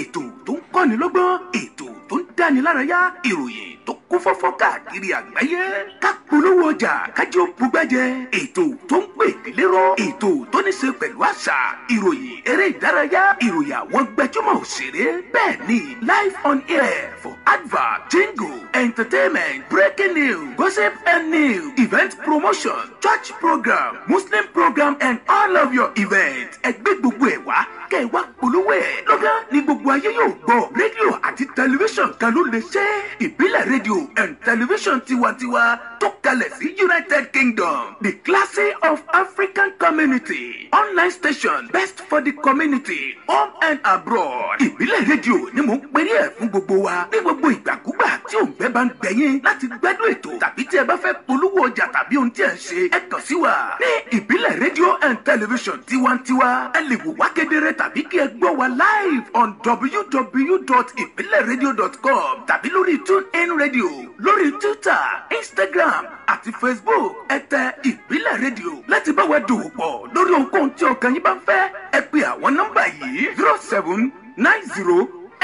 ètò tó ń kọ́ni lọ́gbọ́n ètò tó ń dáni lárayá ìròyìn tó kún fọ́fọ́ káàkiri àgbáyé ká polówó ọjà kájí ó bugbẹ́jẹ ètò tó ń pè nílérò ètò tó ní ṣe pẹ̀lú àṣà ìròyìn eré ìdárayá ìròyìn àwọn gbẹjúmọ̀ òṣèré bẹ́ẹ̀ ni live on air for advert jingle entertainment breaking news gossip and news event promotion church program muslim program and all of your events ẹgbẹ́ gbogbo ẹ̀ wá kẹ́ ẹ wá polówó ẹ̀. lọ́gá ni gbogbo ayé yóò gbọ́ rédíò àti tẹlifíṣàn kan ló lè ṣe ìbílẹ̀ rédíò and tẹlifíṣàn tiwantiwa tó kalẹ̀ sí United Kingdom the classy of African community online station best for the community home and abroad. ìbílẹ̀ rédíò ni mo ń perí ẹ̀ fún gbogbo wa ní gbogbo ìgbàkúgbà tí òǹgbẹ́ bá ń gbẹ̀yìn láti gbẹ́dún ètò tàbí tí ẹ bá fẹ́ polówó ọjà tàbí ohun tí ẹ ń ṣe ẹ kàn sí wa ní ìbílẹ̀ rédíò and television tiwantiwa ẹ lè wò wá kedere tàbí kí ẹ gbọ́ wa live on www.ibileradio.com tàbí lórí tune in radio lórí twitter instagram àti facebook ẹ tẹ ìbílẹ̀ rédíò láti bá wa dòwò pọ̀ lórí ohunkóhun tí ọkàn yín bá ń fẹ́ ẹ pe àwọn nọ́mbà yìí zero seven nine zero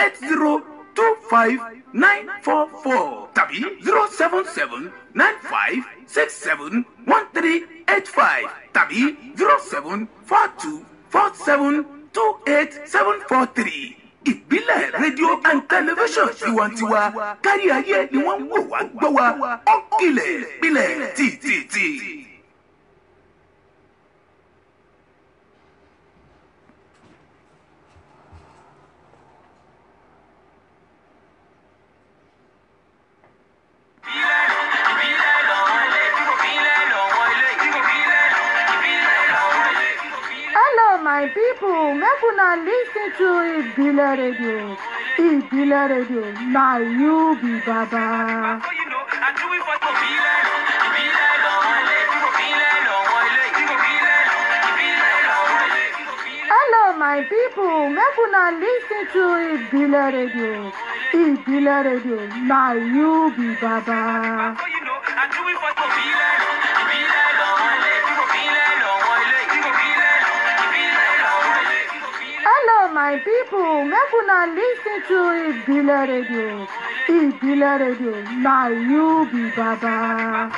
eight zero two five nine four four tàbí zero seven seven nine five six seven one three eight five tàbí zero seven four two four seven two eight seven four three ìbílẹ̀ rédíò and tẹlifíṣàn tiwantiwa kárí ayé ni wọ́n ń wò wá gbọ́ wa ó kìlẹ̀ gbilẹ̀ tìtìtì. Yeah. my people make una listen to Ibile Radio Ibile Radio na you be baba. hello my people make una listen to Ibile Radio Ibile Radio na you be baba. my people, make una listen to Ibile Radio. Ibile Radio, na you be Baba.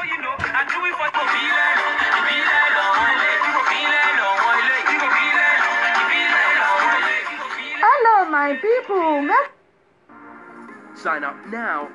Hello, my people. Sign up now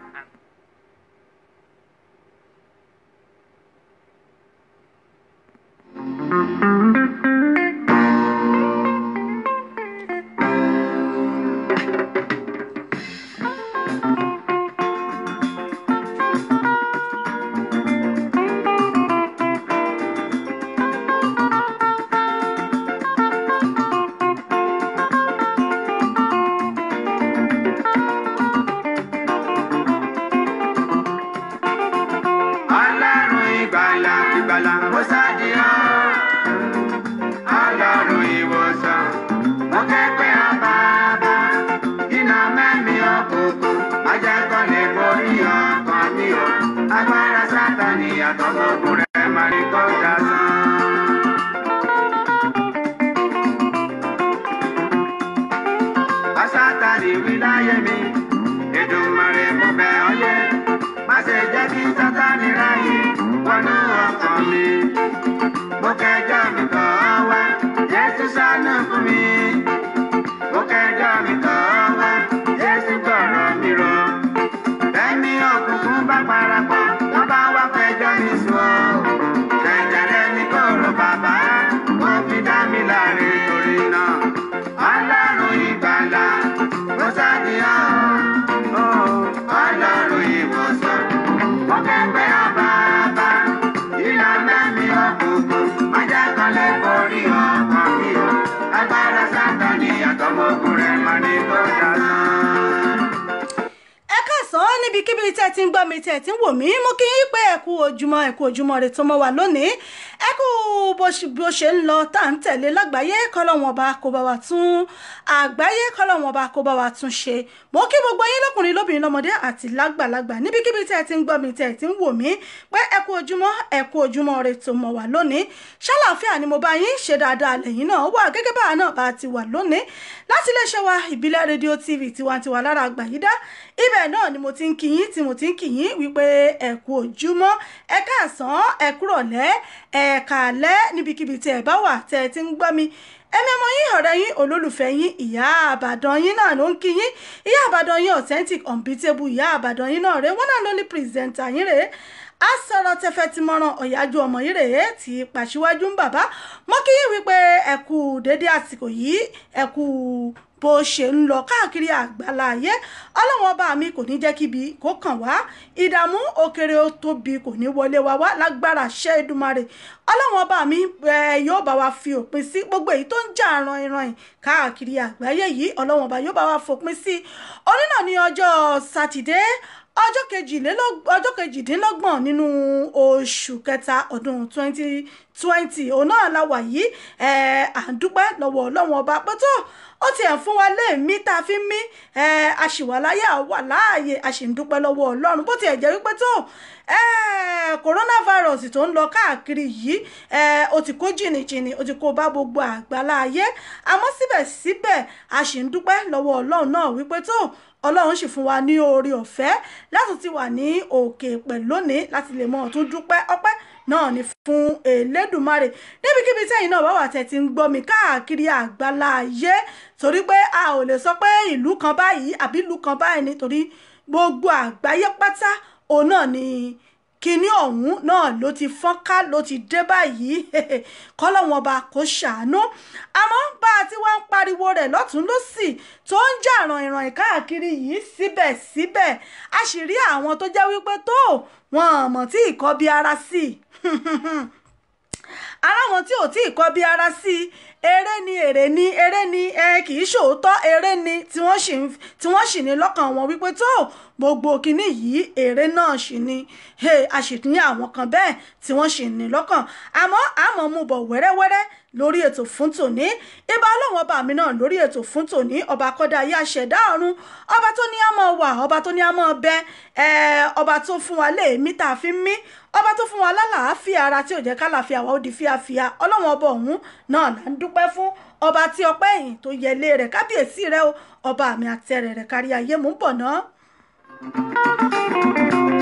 kọ́lọ́wọ́n bá kó bá wa tún àgbáyé kọ́lọ́wọ́n bá kó bá wa tún ṣe mo kí gbogbo yín lọ́kùnrin lóbìnrin lọ́mọdé àti lágbàlagbà níbikíbi tẹ́ ẹ ti ń gbọ́ mi tẹ́ ẹ ti ń wò mí pé ẹ kú ojúmọ́ ẹ kú ojúmọ́ rẹ tó mọ̀ wá lónìí ṣàlàáfíà ni mo bá yín ṣe dáadáa lẹ́yìn náà wà gẹ́gẹ́ bá náà bá ti wà lónìí láti iléeṣẹ́ wa ìbílẹ̀ rédíò tv tiwantiwa lára àgbàyídá ibẹ̀ náà ni mo ti ń kí yín tí mo ti ń kí yín wípé ẹ kú ojúmọ́ ẹ káàsán ẹ kúrọ̀lẹ́ ẹ kàálẹ́ níbikíbi tí ẹ bá wà tẹ́ ẹ ti ń gbọ́ mi ẹ̀mẹ́mọ yín ọ̀rẹ́ yín olólùfẹ́ yín ìyá àbàdàn yín náà ló ń kí yín ìyá àbàdàn yín authentic unbeatable ìyá àbàdàn yín náà rèé wọ́n náà ló ní pírẹsẹ̀ntà yín rèé a sọ̀rọ̀ tẹ̀fẹ̀ ti mọ̀ràn ọ̀yájú ọmọ yìí rèé ti pàṣíwájú ń bàbá mọ́ kí yín wípé ẹ̀kú dédé àsìkò yìí ẹ̀kú bó ṣe ń lọ káàkiri àgbàlá ayé ọlọ́wọ́n ọba mi kò ní jẹ́ kíbi kó kàn wá ìdààmú òkèrè ó tóbi kò ní wọlé wa wá lágbára ṣẹ́ Èdùmàrè ọlọ́wọ́n ọba mi yóò bá wa fi òpin sí gbogbo èyí tó ń jà ran ìran yìí káàkiri àgbáyé yìí ọlọ́wọ́n ọba yóò bá wa fòpin sí onínà ní ọjọ́ sátidé ọjọ́ kejìdínlọ́gbọ̀n nínú oṣù kẹta ọdún 2020 òun náà la yìí à ó ti ẹ̀ fún wa léèmí tá a fi ń mí àṣìwàláyé àwà láàyè àṣìǹdúpẹ́ lọ́wọ́ ọlọ́run bó ti ẹ̀ jẹ́ wípé tó coronavirus tó ń lọ káàkiri yìí ó ti kó jìnnìjìnnì ó ti kó bá gbogbo àgbáláyé àmọ́ síbẹ̀síbẹ̀ àṣìǹdúpẹ́ lọ́wọ́ ọlọ́run náà wípé tó ọlọ́run sì fún wa ní oore ọ̀fẹ́ láti ti wà ní òkè pẹ̀ lónìí láti lè mọ̀ ọ́ dúpẹ́ ọpẹ́ náà ni fún Elédùmarè níbikíbi tẹ́yìn náà bá wà tẹ́ ti ń gbọ́ mi káàkiri àgbálá ayé torí pé a ò lè sọ pé ìlú kan báyìí àbí ìlú kan báyìí nítorí gbogbo àgbáyé pátá òun náà ni kinní ọ̀hún náà ló ti fọ́nká ló ti dé báyìí kọ́lọ́wọ́n ọba kò ṣàánú àmọ́ bá a ti wá ń pariwo rẹ̀ lọ́tún lọ́sì tó ń jà ràn-ìràn káàkiri yìí síbẹ̀síbẹ̀ a sì rí àwọn tó jẹ́ wípé tó wọn àmọ̀ tí ìkọbi ara sí i ara wọn tí ò tí ì kọbi ara sí eré ni èrè ni eré ni ẹ kì í ṣòótọ́ eré ni tí wọ́n sì ní lọ́kàn wọn wípé tó gbogbo kínní yìí eré náà sì ni a sì ní àwọn kan bẹ́ẹ̀ tí wọ́n sì ní lọ́kàn àmọ́ àmọ́ mú bọ̀ wẹ́rẹ́wẹ́rẹ́ lórí ètò fún tòní ibà ọlọ́wọ́n ọba mi náà lórí ètò fún tòní ọba kọ́dá ayé àṣẹ̀dá ọ̀run ọba tó ní àmọ́ wà ọba tó ní àmọ́ bẹ ọba tó fún wa léèmí tá a fi mí ọba tó fún wa lálàáfíà ara tí ò jẹ́ kálàáfíà wa ó di fíafíà ọlọ́wọ́n ọba ọ̀hún náà là ń dùn dúpẹ́ fún ọba tí ọpẹ́ yìí tó yẹlé rẹ̀ kábíyèsí rẹ̀ ọba àmì àtẹ̀rẹ̀ rẹ̀ kárí ayé mò bọ̀ ná. thank you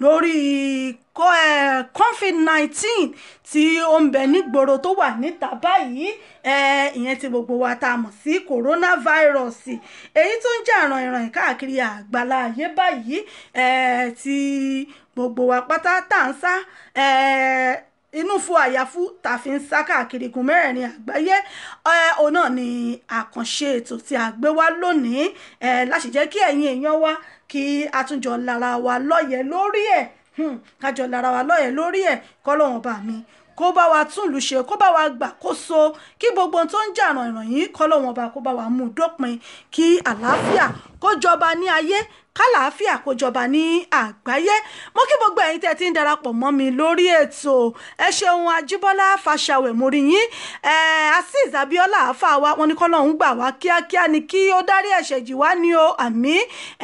lórí covid nineteen tí ó ń bẹ nígboro tó wà níta báyìí ìyẹn tí gbogbo wa ta mọ̀ sí coronavirus èyí tó ń jà ràn-ìràn káàkiri àgbàlá ayé báyìí tí gbogbo wa pátá tá à ń sá inú fún àyàfú tàfi ń sá káàkiri igun mẹ́rẹ̀ẹ̀rin àgbáyé òun ni àkànṣe ètò tí a gbé wá lónìí láti jẹ́ kí ẹ̀yin èèyàn wa kí atúnjọ lara wa lọ́yẹ̀ lórí ẹ̀ kájọ lára wa lọ́yẹ̀ lórí ẹ̀ hmm, kọ́lọ́wọ́n bá mi kó bá wa tún ìlú ṣe kó bá wa gbàkóso kí gbogbo tó ń jà ràn ìràn yìí kọ́lọ́wọ́n bá kó bá wa mú dópin kí àlàáfíà kó jọba ní ayé kálàáfíà kó jọba ní àgbáyé mo kí gbogbo ẹ̀yin tẹ́ ti ń darapọ̀ mọ́ mi lórí ètò ẹ ṣeun ajíbọ́lá fàṣàwẹ̀ mórí yín ẹ azeez abiola àáfà wa wọn ní kọ́lọ́hún gbà wá kíákíá ni kí ó dárí ẹ̀ṣẹ̀ jì wá ní o àmì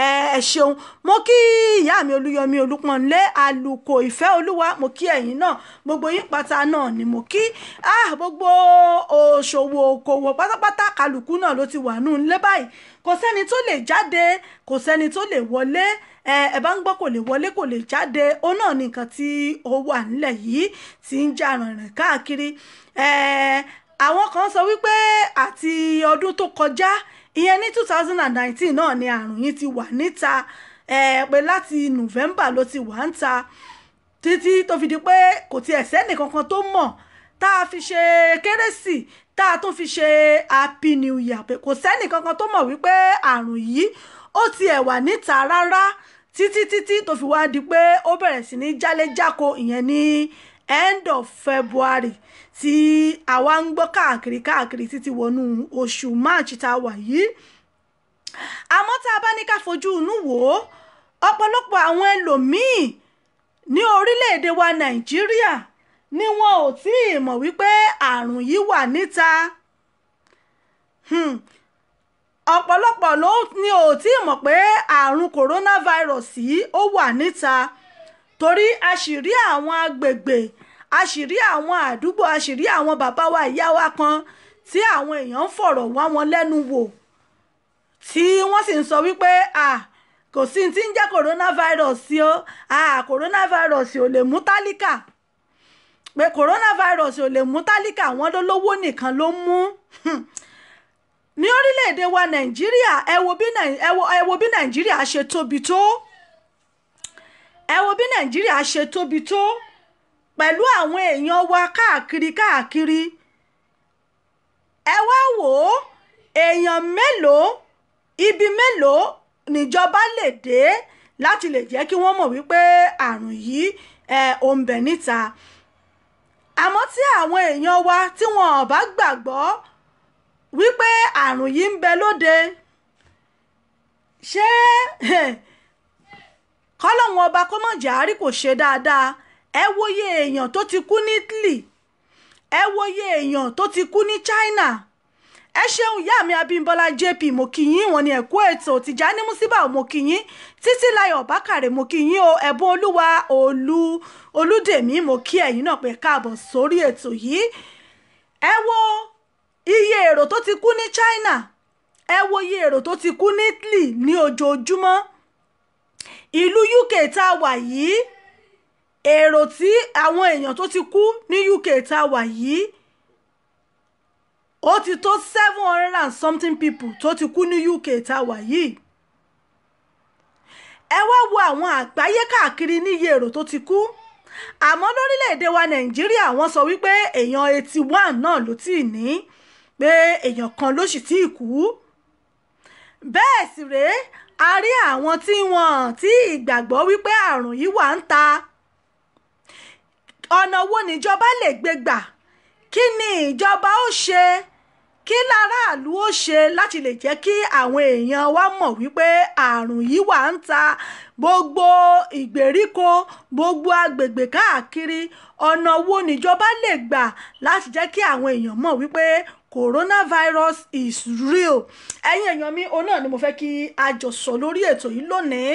ẹ ṣeun mo kí ìyá mi olúyọmí olúpọ̀nlé àlùkò ìfẹ́ olúwa mo kí ẹ̀yin náà gbogbo yín pátá náà ni mo kí gbogbo òṣòwò òkòwò pátápátá kálukú náà ló ti wà nù ńlẹ́ báyìí kò sẹ́ni tó lè jáde kò sẹ́ni tó lè wọlé ẹ bá ń gbọ́ kò lè wọlé kò lè jáde òun náà ni nǹkan tí ó wà nílẹ̀ yìí tí ń jà rìnrìn káàkiri àwọn kan sọ wípé àti ọdún tó kọjá ìyẹn ní two thousand and nineteen náà ni àrùn yìí ti wà níta pé láti november ló ti wà ń ta títí tó fi di pé kò tiẹ̀ sẹ́nì kankan tó mọ̀ tá a fi ṣe kérésì tá a tún fi ṣe happy new year pé kò sẹ́nì kankan tó mọ̀ wípé àrùn yìí ó tiẹ̀ wà níta rárá títí títí tó fi wá di pé ó bẹ̀rẹ̀ sí ní jálẹ́jáko ìyẹn ní end of February tí àwa ń gbọ́ káàkiri káàkiri títí wọnú oṣù March tá a wà yìí àmọ́ tá a bá ní ká fojú inú wò ó ọ̀pọ̀lọpọ̀ àwọn ẹlòmíì ní orílẹ̀-èdè wa Nàìjíríà ni wọn ò tí ì mọ̀ wípé àrùn yìí wà níta. Hmm ọ̀pọ̀lọpọ̀ ló ní ò tí ì mọ̀ pé àrùn kòrónàfàírọ́ọ̀sì ó wà níta torí a sì rí àwọn agbègbè a sì rí àwọn àdúgbò a sì rí àwọn bàbá wa ìyá wa kan tí àwọn èèyàn ń fọ̀rọ̀ wá wọn lẹ́nu wò tí wọ́n sì ń sọ wípé à kò sí ti ń jẹ́ kòrónàfàírọ́ọ̀sì o à kòrónàfàírọ́ọ̀sì ò lè mú tálíkà pé kòrónàfàírọ́ọ̀sì ò lè mú tálíkà wọ́n lólówó nìkan ló mú ní orílẹ̀-èdè wa nàìjíríà ẹ wo bí ẹ wo bí nàìjíríà ṣe tóbi tó ẹ wo bí nàìjíríà ṣe tóbi tó pẹ̀lú àwọn èèyàn wa káàkiri káàkiri ẹ wá wò ó èèyàn mélòó ibi mélòó níjọba lè dé láti lè jẹ́ kí wọ́n mọ̀ wípé àrùn yìí ẹ̀ ò ń bẹ níta àmọ́ tí àwọn èèyàn wa tí wọn ò bá gbàgbọ́ wípé àrùn yìí ń bẹ lóde ṣé kọ́lọ́hún ọba kọ́mọ̀jáárì kò ṣe dáadáa ẹ wòye èèyàn tó ti kú ní Italy ẹ wòye èèyàn tó ti kú ní China ẹ ṣeun ìyá mi Abímbọ́lá JP mo kí yín wọ́n ní ẹ̀kọ́ ètò Tìjání Músíbà mo kí yín títí láyọ̀ bákàrẹ̀ mo kí yín o ẹ̀bùn olúwa olú olúdèmí mo kí ẹ̀yin náà pé káàbọ̀ sórí ètò yìí ẹ wo iye èrò tó ti kú ní China ẹ wo iye èrò tó ti kú ní Italy ní ojoojúmọ́ ìlú UK tá a wà yìí èrò tí àwọn èèyàn tó ti kú ní UK tá a wà yìí ó ti tó seven hundred and something people tó ti kú ní UK tá a wà yìí ẹ wá wo àwọn àgbáyé káàkiri níye èrò tó ti kú àmọ́ lórílẹ̀‐èdè wa nàìjíríà wọ́n sọ wípé èèyàn eighty one náà ló ti ní pé èèyàn kan ló sì tí ì kú bẹ́ẹ̀ sì rèé a rí àwọn tí wọ́n ti ìgbàgbọ́ wípé àrùn yìí wà ń ta ọ̀nà wo níjọba lè gbé gbà kí ni ìjọba ó ṣe kí láràlú ó ṣe láti lè jẹ́ kí àwọn èèyàn wa mọ̀ wípé àrùn yìí wà ń ta gbogbo ìgbèríko gbogbo agbègbè káàkiri ọ̀nà wo níjọba lè gbà láti jẹ́ kí àwọn èèyàn mọ̀ wípé coronavirus is real ẹ̀yin èèyàn mi òun náà ni mo fẹ́ kí a jọ sọ lórí ètò yìí lónìí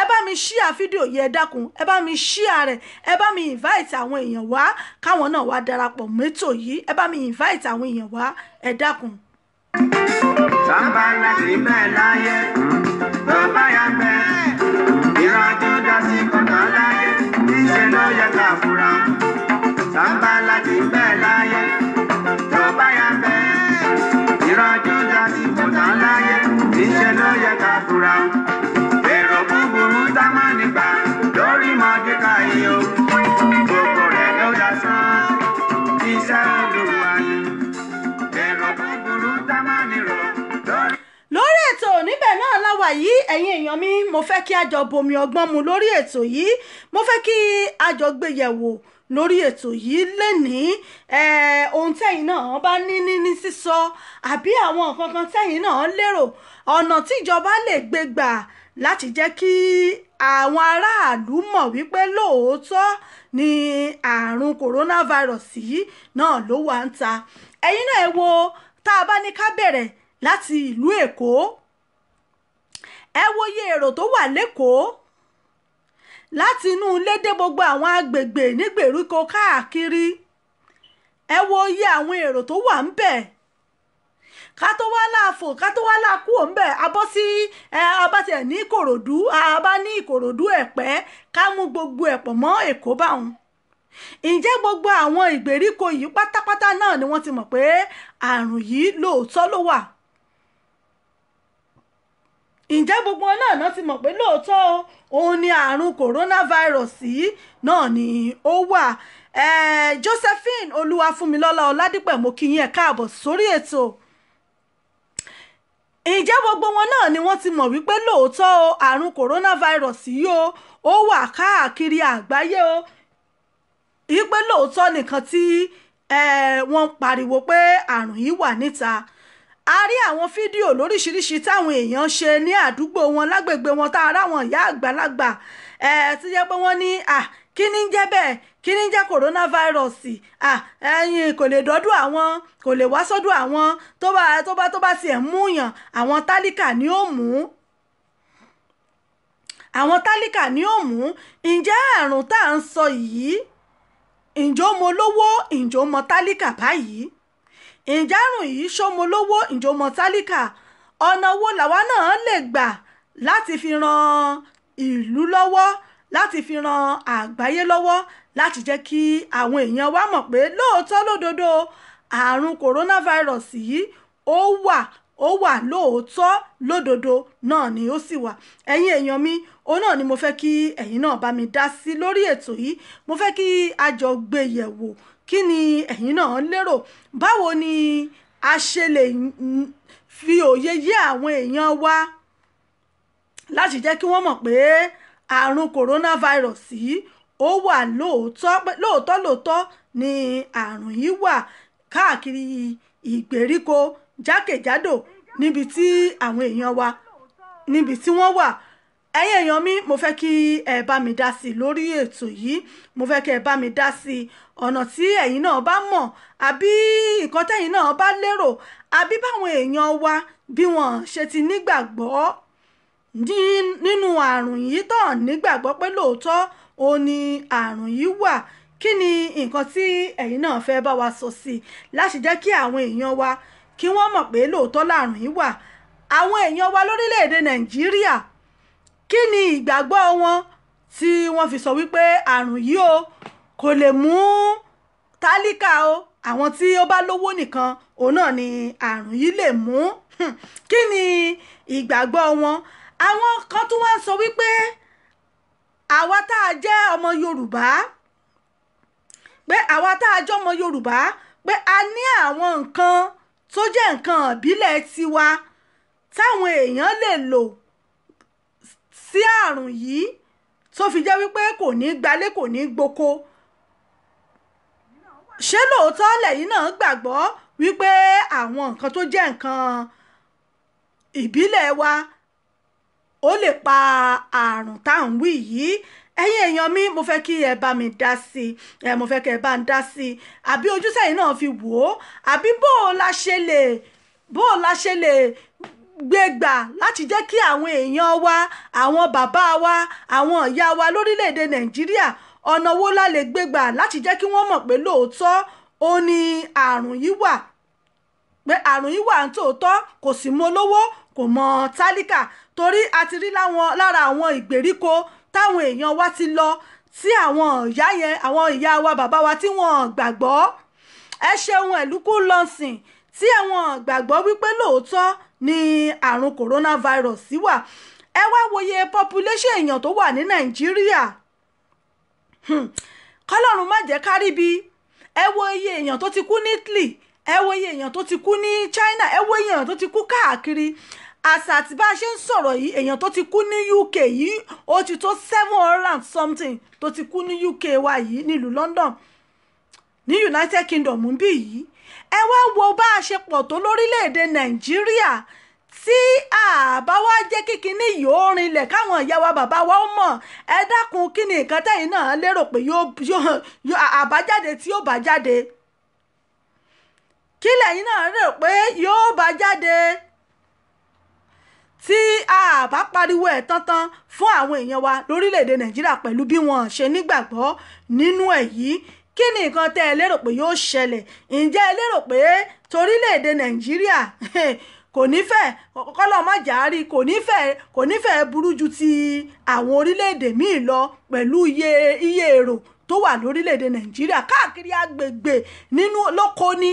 ẹ bá mi ṣíà fídíò yìí ẹ dákun ẹ bá mi ṣíà rẹ̀ ẹ bá mi invite àwọn èèyàn wá káwọn náà wá darapọ̀ mẹ́tò yìí ẹ bá mi invite àwọn èèyàn wá ẹ dákun. sábà láti bẹ́ẹ̀ láyé tó bá yà bẹ́ẹ̀ ìran tó dá sí kọ̀ọ̀kan láyé níṣẹ́ ló yẹ ká fura sábà láti bẹ́ẹ̀. ìrọ̀jọ́ jáde bùtà láyé níṣẹ́ ló yẹ ká fura. èrò búburú tá má nígbà lórí mọ́díkà yìí o gbogbo rẹ̀ ló dá sán iṣẹ́ olùwà ni èrò búburú tá má nírò lórí. lórí ètò níbẹ̀ náà láwà yìí ẹ̀yin èèyàn mi mo fẹ́ kí a jọ bomi ọgbọ́n mu lórí ètò yìí mo fẹ́ kí a jọ gbé yẹ̀wò lórí ètò yìí lénìí ohun tẹ́yìn náà bá ní níní sísọ àbí àwọn nǹkan kan tẹ́yìn náà lérò ọ̀nà tíjọba lè gbé gbà láti jẹ́ kí àwọn aráàlú mọ̀ wípé lóòótọ́ ni àrùn coronavirus yìí náà ló wà ń ta ẹ̀yin náà ẹ wo tá a bá ní ká bẹ̀rẹ̀ láti ìlú èkó ẹ wo iye èrò tó wà lẹ́kọ̀ọ́ láti inú ilé dé gbogbo àwọn agbègbè nígbèríko káàkiri ẹ wo iye àwọn èrò tó wà ń bẹ̀ ká tó wá láàfò ká tó wá láàkú òǹbẹ̀ abọ́ sí abá tiẹ̀ ní ìkòròdú abá ní ìkòròdú ẹ̀pẹ́ ká mú gbogbo ẹ̀pọ̀ mọ́ èkó báwọn ǹjẹ́ gbogbo àwọn ìgbèríko yìí pátápátá náà ni wọ́n ti mọ̀ pé àrùn yìí lóòótọ́ ló wà ǹjẹ́ gbogbo wọn náà ti mọ̀ pé lóòótọ́ òun ni àrùn coronavirus yìí náà ni ó wà Josephine Olúwafúnmilọ́lá Ọládìpẹ̀ mo kí yín ẹ káàbọ̀ sórí ètò ǹjẹ́ gbogbo wọn náà ni wọ́n ti mọ̀ wípé lóòótọ́ àrùn coronavirus yìí o ó wà káàkiri àgbáyé o yìí pé lóòótọ́ nìkan tí wọ́n pariwo pé àrùn yìí wà níta a rí àwọn fídíò lóríṣiríṣi táwọn èèyàn ṣe ní àdúgbò wọn lágbègbè wọn tá a ráwọn ìyá àgbàlagbà ẹ̀ ti jẹ́ pé wọ́n ní à kí ni ń jẹ́ bẹ́ẹ̀ kí ni ń jẹ́ coronavirus ah ẹyin kò lè dọ́dọ̀ àwọn kò lè wá sọ́dọ̀ àwọn tó bá tó bá tó bá tiẹ̀ mú yàn àwọn tálíkà ni ó mú àwọn tálíkà ni ó mú ǹjẹ́ àrùn tá à ń sọ yìí ǹjọ́ mo lówó ǹjọ́ mo tálíkà báyìí ǹjẹ́ àrùn yìí ṣómo lówó ǹjọ́mọ tálíkà ọ̀nà wo làwa náà lè gbà láti fi ran ìlú lọ́wọ́ láti fi ran àgbáyé lọ́wọ́ láti jẹ́ kí àwọn èèyàn wa mọ̀ pé lóòótọ́ lódodo àrùn coronavirus yìí ó wà ó wà lóòótọ́ lódodo náà ni ó sì wà ẹ̀yin èèyàn mi òun náà ni mo fẹ́ kí ẹ̀yin náà bá mi dá sí lórí ètò yìí mo fẹ́ kí a jọ gbé yẹ̀wò kí ni ẹ̀yin náà lérò báwo ni a ṣe lè fi òye yé àwọn èèyàn wa láti jẹ́ kí wọ́n mọ̀ pé àrùn coronavirus yìí ó wà lóòótọ́ lóòótọ́ lóòótọ́ ni àrùn yìí wà káàkiri ìgbèríko jákèjádò níbi tí àwọn èèyàn wa níbi tí wọ́n wà ẹ̀yin èèyàn mi mo fẹ́ kí ẹ bá mi dá sí i lórí ètò yìí mo fẹ́ kí ẹ bá mi dá sí i ọ̀nà tí ẹ̀yin náà bá mọ̀ àbí nǹkan tẹ̀yin náà bá lérò àbí báwọn èèyàn wa bí wọ́n ṣe ti nígbàgbọ́ nínú àrùn yìí tán nígbàgbọ́ pé lóòótọ́ ó ní àrùn yìí wà kí ni nǹkan tí ẹ̀yin náà fẹ́ bá wa sọ sí i láti jẹ́ kí àwọn èèyàn wa kí wọ́n mọ̀ pé lóòótọ́ làrùn yìí wà àwọn èèyàn wa lórílẹ̀‐èdè Nàìjíríà kí ni ìgbàgbọ́ wọn tí wọ́n fi sọ wípé àrùn yìí o kò lè mú tálíkà o àwọn tí ó bá lówó nìkan òun náà ni àrùn yìí lè mú hmm. kí ni ìgbàgbọ́ wọn àwọn kan tún wá sọ wípé àwa tá a jẹ́ ọmọ Yorùbá pé àwa tá a jẹ́ ọmọ Yorùbá pé a ní àwọn nǹkan tó jẹ́ nǹkan ìbílẹ̀ tiwa táwọn èèyàn lè lò sí àrùn yìí tó fi jẹ́ wípé kò ní gbalé kò ní gboko ṣé lóòótọ́ lẹ́yìn náà gbàgbọ́ wípé àwọn nǹkan tó jẹ́ nǹkan ìbílẹ̀ wa ó lè pa àrùn tá à ń wí yìí ẹ̀yin èèyàn mi mo fẹ́ kí ẹ bá mi dá sí ẹ mo fẹ́ kí ẹ bá ń dá sí àbí ojúṣe yìí náà fi wò ó àbí bó o la ṣe lè bó o la ṣe lè gbé gbà láti jẹ́ kí àwọn èèyàn wa àwọn bàbá wa àwọn ìyá wa lórílẹ̀‐èdè nàìjíríà ọ̀nà wo la lè gbé gbà láti jẹ́ kí wọ́n mọ̀ pé lóòótọ́ ó ní àrùn yìí wà pé àrùn yìí wà ní kò sì mọ olówó kò mọ tálíkà torí a ti rí lára àwọn ìgbèríko táwọn èèyàn wa ti lọ tí àwọn ìyá yẹn àwọn ìyá wa bàbá wa tí wọ́n gbàgbọ́ ẹ ṣeun ẹ̀lúkú lọ́sìn tí àwọn gbàgbọ́ wípé lóòótọ́ Ni àrùn coronavirus sí wà ẹ wá wòye population èèyàn tó wà ní nàìjíríà hmm. kọlọ́run má jẹ́ kárí bí ẹ wo iye èèyàn tó ti kú ní Italy ẹ wo iye èèyàn tó ti kú ní China ẹ wo iye èèyàn tó ti kú káàkiri àṣà àti bá a ṣe ń sọ̀rọ̀ yìí èèyàn tó ti kú ní UK yìí ó ti tó seven hundred something tó ti kú ní UK wa yìí nílùú London ní United Kingdom ń bí yìí ẹ wá wo ṣe pọ̀ tó lórílẹ̀‐èdè nàìjíríà tí àbá wa jẹ́ kí kinní yóò rinlẹ̀ káwọn ìyá wa bàbá wa ó mọ̀ ẹ dákun kí ni nǹkan tẹ́yìn náà lérò pé yóò àbájáde tí yóò bá jáde kí lẹ́yìn náà rò pé yóò bá jáde tí a pariwo ẹ̀ tantan fún àwọn èèyàn wa lórílẹ̀‐èdè nàìjíríà pẹ̀lú bí wọ́n ṣe nígbàgbọ́ nínú ẹ̀ yìí kí ni nǹkan tẹ́ ẹ lérò pé yóò ṣẹlẹ̀ ǹjẹ́ ẹ lérò pé torílẹ̀-èdè nàìjíríà kò nífẹ̀ẹ́ kọ́lọ́mọ̀járí kò nífẹ̀ẹ́ kò nífẹ̀ẹ́ burú ju ti àwọn orílẹ̀-èdè míì lọ pẹ̀lú iye iye èrò tó wà lórílẹ̀-èdè nàìjíríà káàkiri agbègbè nínú lóko ní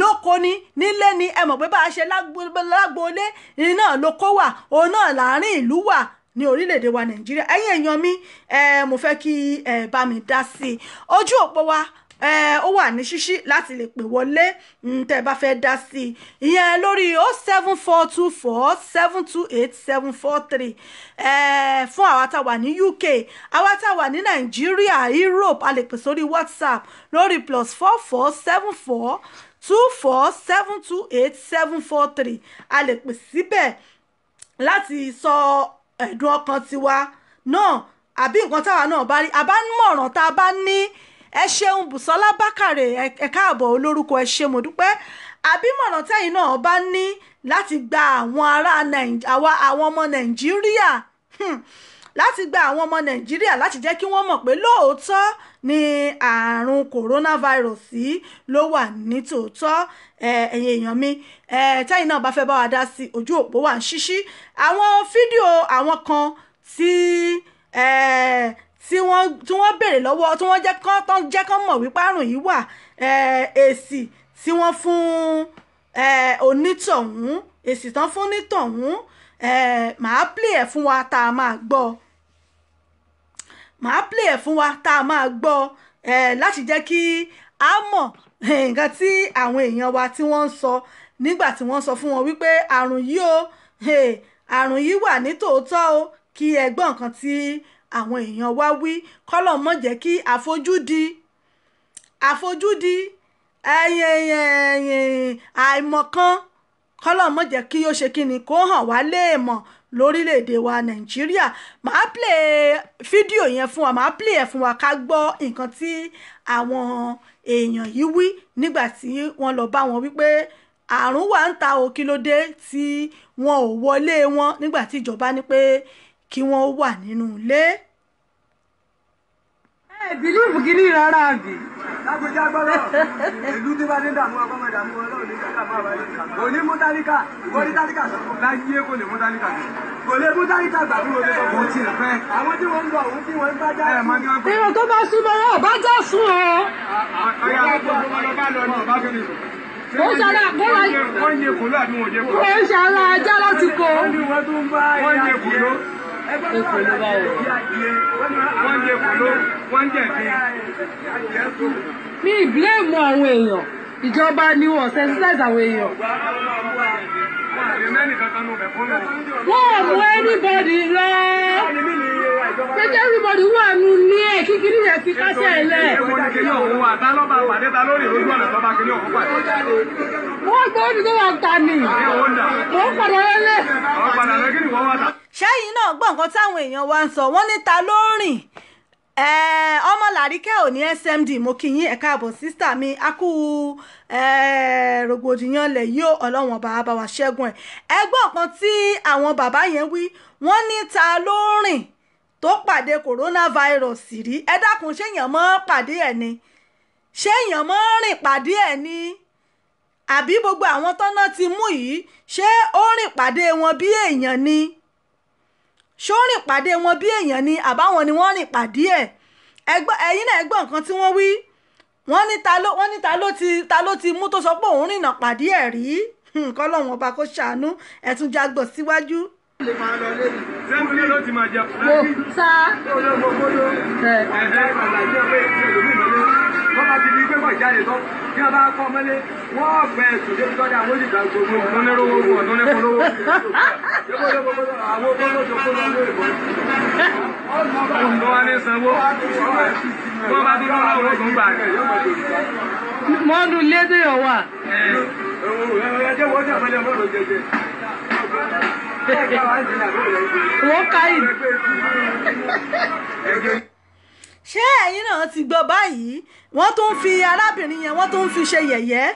lóko ní nílé ni ẹ mọ̀ pé bá a ṣe lágbo ilé iná lóko wà òun náà láàárín ìlú wà ní orílẹ̀-èdè wa nàìjíríà ẹ̀yin èèyàn mi mo fẹ́ kí ẹ bá mi dá sí i ojú òpó wa ó wà ní ṣíṣí láti lè pè wọlé tẹ́ ẹ bá fẹ́ dá sí i ìyẹn lórí o seven four two four seven two eight seven four three fún àwa tá a wà ní UK àwa tá a wà ní nàìjíríà Europe a lè pè sórí WhatsApp lórí plus four four seven four two four seven two eight seven four three a lè pè síbẹ̀ láti sọ. So ẹ̀dùn ọkàn tiwa náà àbí nǹkan táwa náà bá rí àbámọ̀ràn tá a bá ní ẹ ṣeun Bùsọ́lá Bákàrè ẹ káàbọ̀ olórúkọ ẹ ṣe mo dúpẹ́ àbímọ̀ràn tẹ́yìn náà bá ní láti gba àwọn ará àwọn ọmọ Nàìjíríà hmm, láti gba àwọn ọmọ Nàìjíríà láti jẹ́ kí wọ́n mọ̀ pé lóòótọ́ ní àrùn coronavirus yìí ló wà nítòótọ́ ẹ̀yin èèyàn mi tẹ́yìn náà bá fẹ́ bá wa dá sí ojú òpó wa ń ṣíṣí àwọn fídíò àwọn kan tí tí wọ́n tí wọ́n béèrè lọ́wọ́ tí wọ́n jẹ́ kán tán jẹ́ kán mọ̀ wípé àrùn yìí wà èsì tí wọ́n fún onítọ̀hún èsì tán fún onítọ̀hún màá plé ẹ̀ fún wa tá a máa gbọ́ ọ màá play ẹ̀ fún wa tá a máa gbọ́ ẹ̀ láti jẹ́ kí a mọ̀ nǹkan tí àwọn èèyàn wa tí wọ́n ń sọ nígbà tí wọ́n sọ fún wọn wípé àrùn yìí o àrùn yìí wà nítòótọ́ o kí ẹ gbọ́ nǹkan tí àwọn èèyàn wa wí kọ́lọ̀ mọ̀ jẹ́ kí àfojúdi àfojúdi àìmọ̀kan kọ́lọ̀ mọ̀ jẹ́ kí ó ṣe kí ni kó hàn wá léèmọ̀ lórílẹ̀‐èdè wa nàìjíríà màá play fídíò yẹn fún wa màá play ẹ̀ fún wa ká gbọ́ nǹkan tí àwọn èèyàn yìí wí nígbà tí wọ́n lọ bá wọn wípé àrùn wà ń ta o kí ló dé tí wọn ò wọlé wọn nígbà tí ìjọba ní pé kí wọ́n wà nínú ilé bìlíìfù kìíní rárá àbí. lágbèjà gbọ́dọ̀ ìlú tí bá ní dààmú ọkọ máa dààmú ọlọ́run ní sẹ́ka máa wáyé. kò ní mú tálíkà ìwọ ní tálíkà sọ̀rọ̀. láyé kò lè mú tálíkà gbà. kò lè mú tálíkà gbà bí wọ́n lè kọ́ tiẹ̀ fẹ́. àwọn tí wọ́n ń bọ̀ òun tí wọ́n ń bá já. èrò tó bá súnmọ́ yóò bá já sùn o. Ó sara kóra wọ́n wọ́n yẹ kòló okò ló bá wò. wọ́n jẹ kòló wọ́n jẹ̀bi. mi blame àwọn èèyàn ìjọba ni wọn sensitize àwọn èèyàn. wọ́n ò mú anybody lọ. pété everybody wà nù ní ẹ̀ kíkiri yẹn fi kásẹ̀ lẹ̀. wọ́n gbọ́ ní tó wà ń ta ni. mo ń padà lọ́lẹ̀. ṣẹ́yìn náà gbọ́ nǹkan táwọn èèyàn wa ń sọ wọ́n ní ta ló rìn Eh, ọmọ làríkẹ́ òní smd mo kí yín ẹ̀ka àbọ̀ sísítà mi akú eh, rògbòdìyàn lẹ̀ yóò ọlọ́wọ̀n bàbá bá wa ṣẹ́gun ẹ̀ ẹgbọ́n kan tí àwọn bàbá yẹn wí wọ́n ní ta ló rìn tó pàdé coronavirus rí ẹ dákun ṣéèyàn mọ́ pàdé ẹ̀ ni ṣéèyàn mọ́ rìn pàdé ẹ̀ ni àbí gbogbo àwọn tọ́nà ti mú yìí ṣé ó rìn pàdé wọn bí èèyàn ni ṣó rìn pàdé wọn bí èèyàn ni àbáwọn ni wọ́n rìn pàdé ẹ̀ ẹ̀yin náà ẹgbọ́n nǹkan tí wọ́n wí wọ́n ní ta ló wọ́n ní ta ló ti ta ló ti mú tó sọ pé òun rìnà pàdé ẹ̀ rí nǹkan hmm, lọ́wọ́n ọba kó ṣàánú ẹ̀tún jagbọ̀ síwájú. sẹ́ńtúlẹ̀ sá. wọ́n bá ti di pé wọ́n jáde lọ bí wọ́n bá kọ́ mọ́lé wọ́n bẹ̀ẹ̀ sùn débi tọ́jà wọ́n sì gbà gbogbo Ohun lédè yọ̀ Wọ́n ká ṣé ẹ̀yin náà ti gbọ́ báyìí wọ́n tún ń fi arábìnrin yẹn wọ́n tún ń fi ṣe yẹ̀yẹ́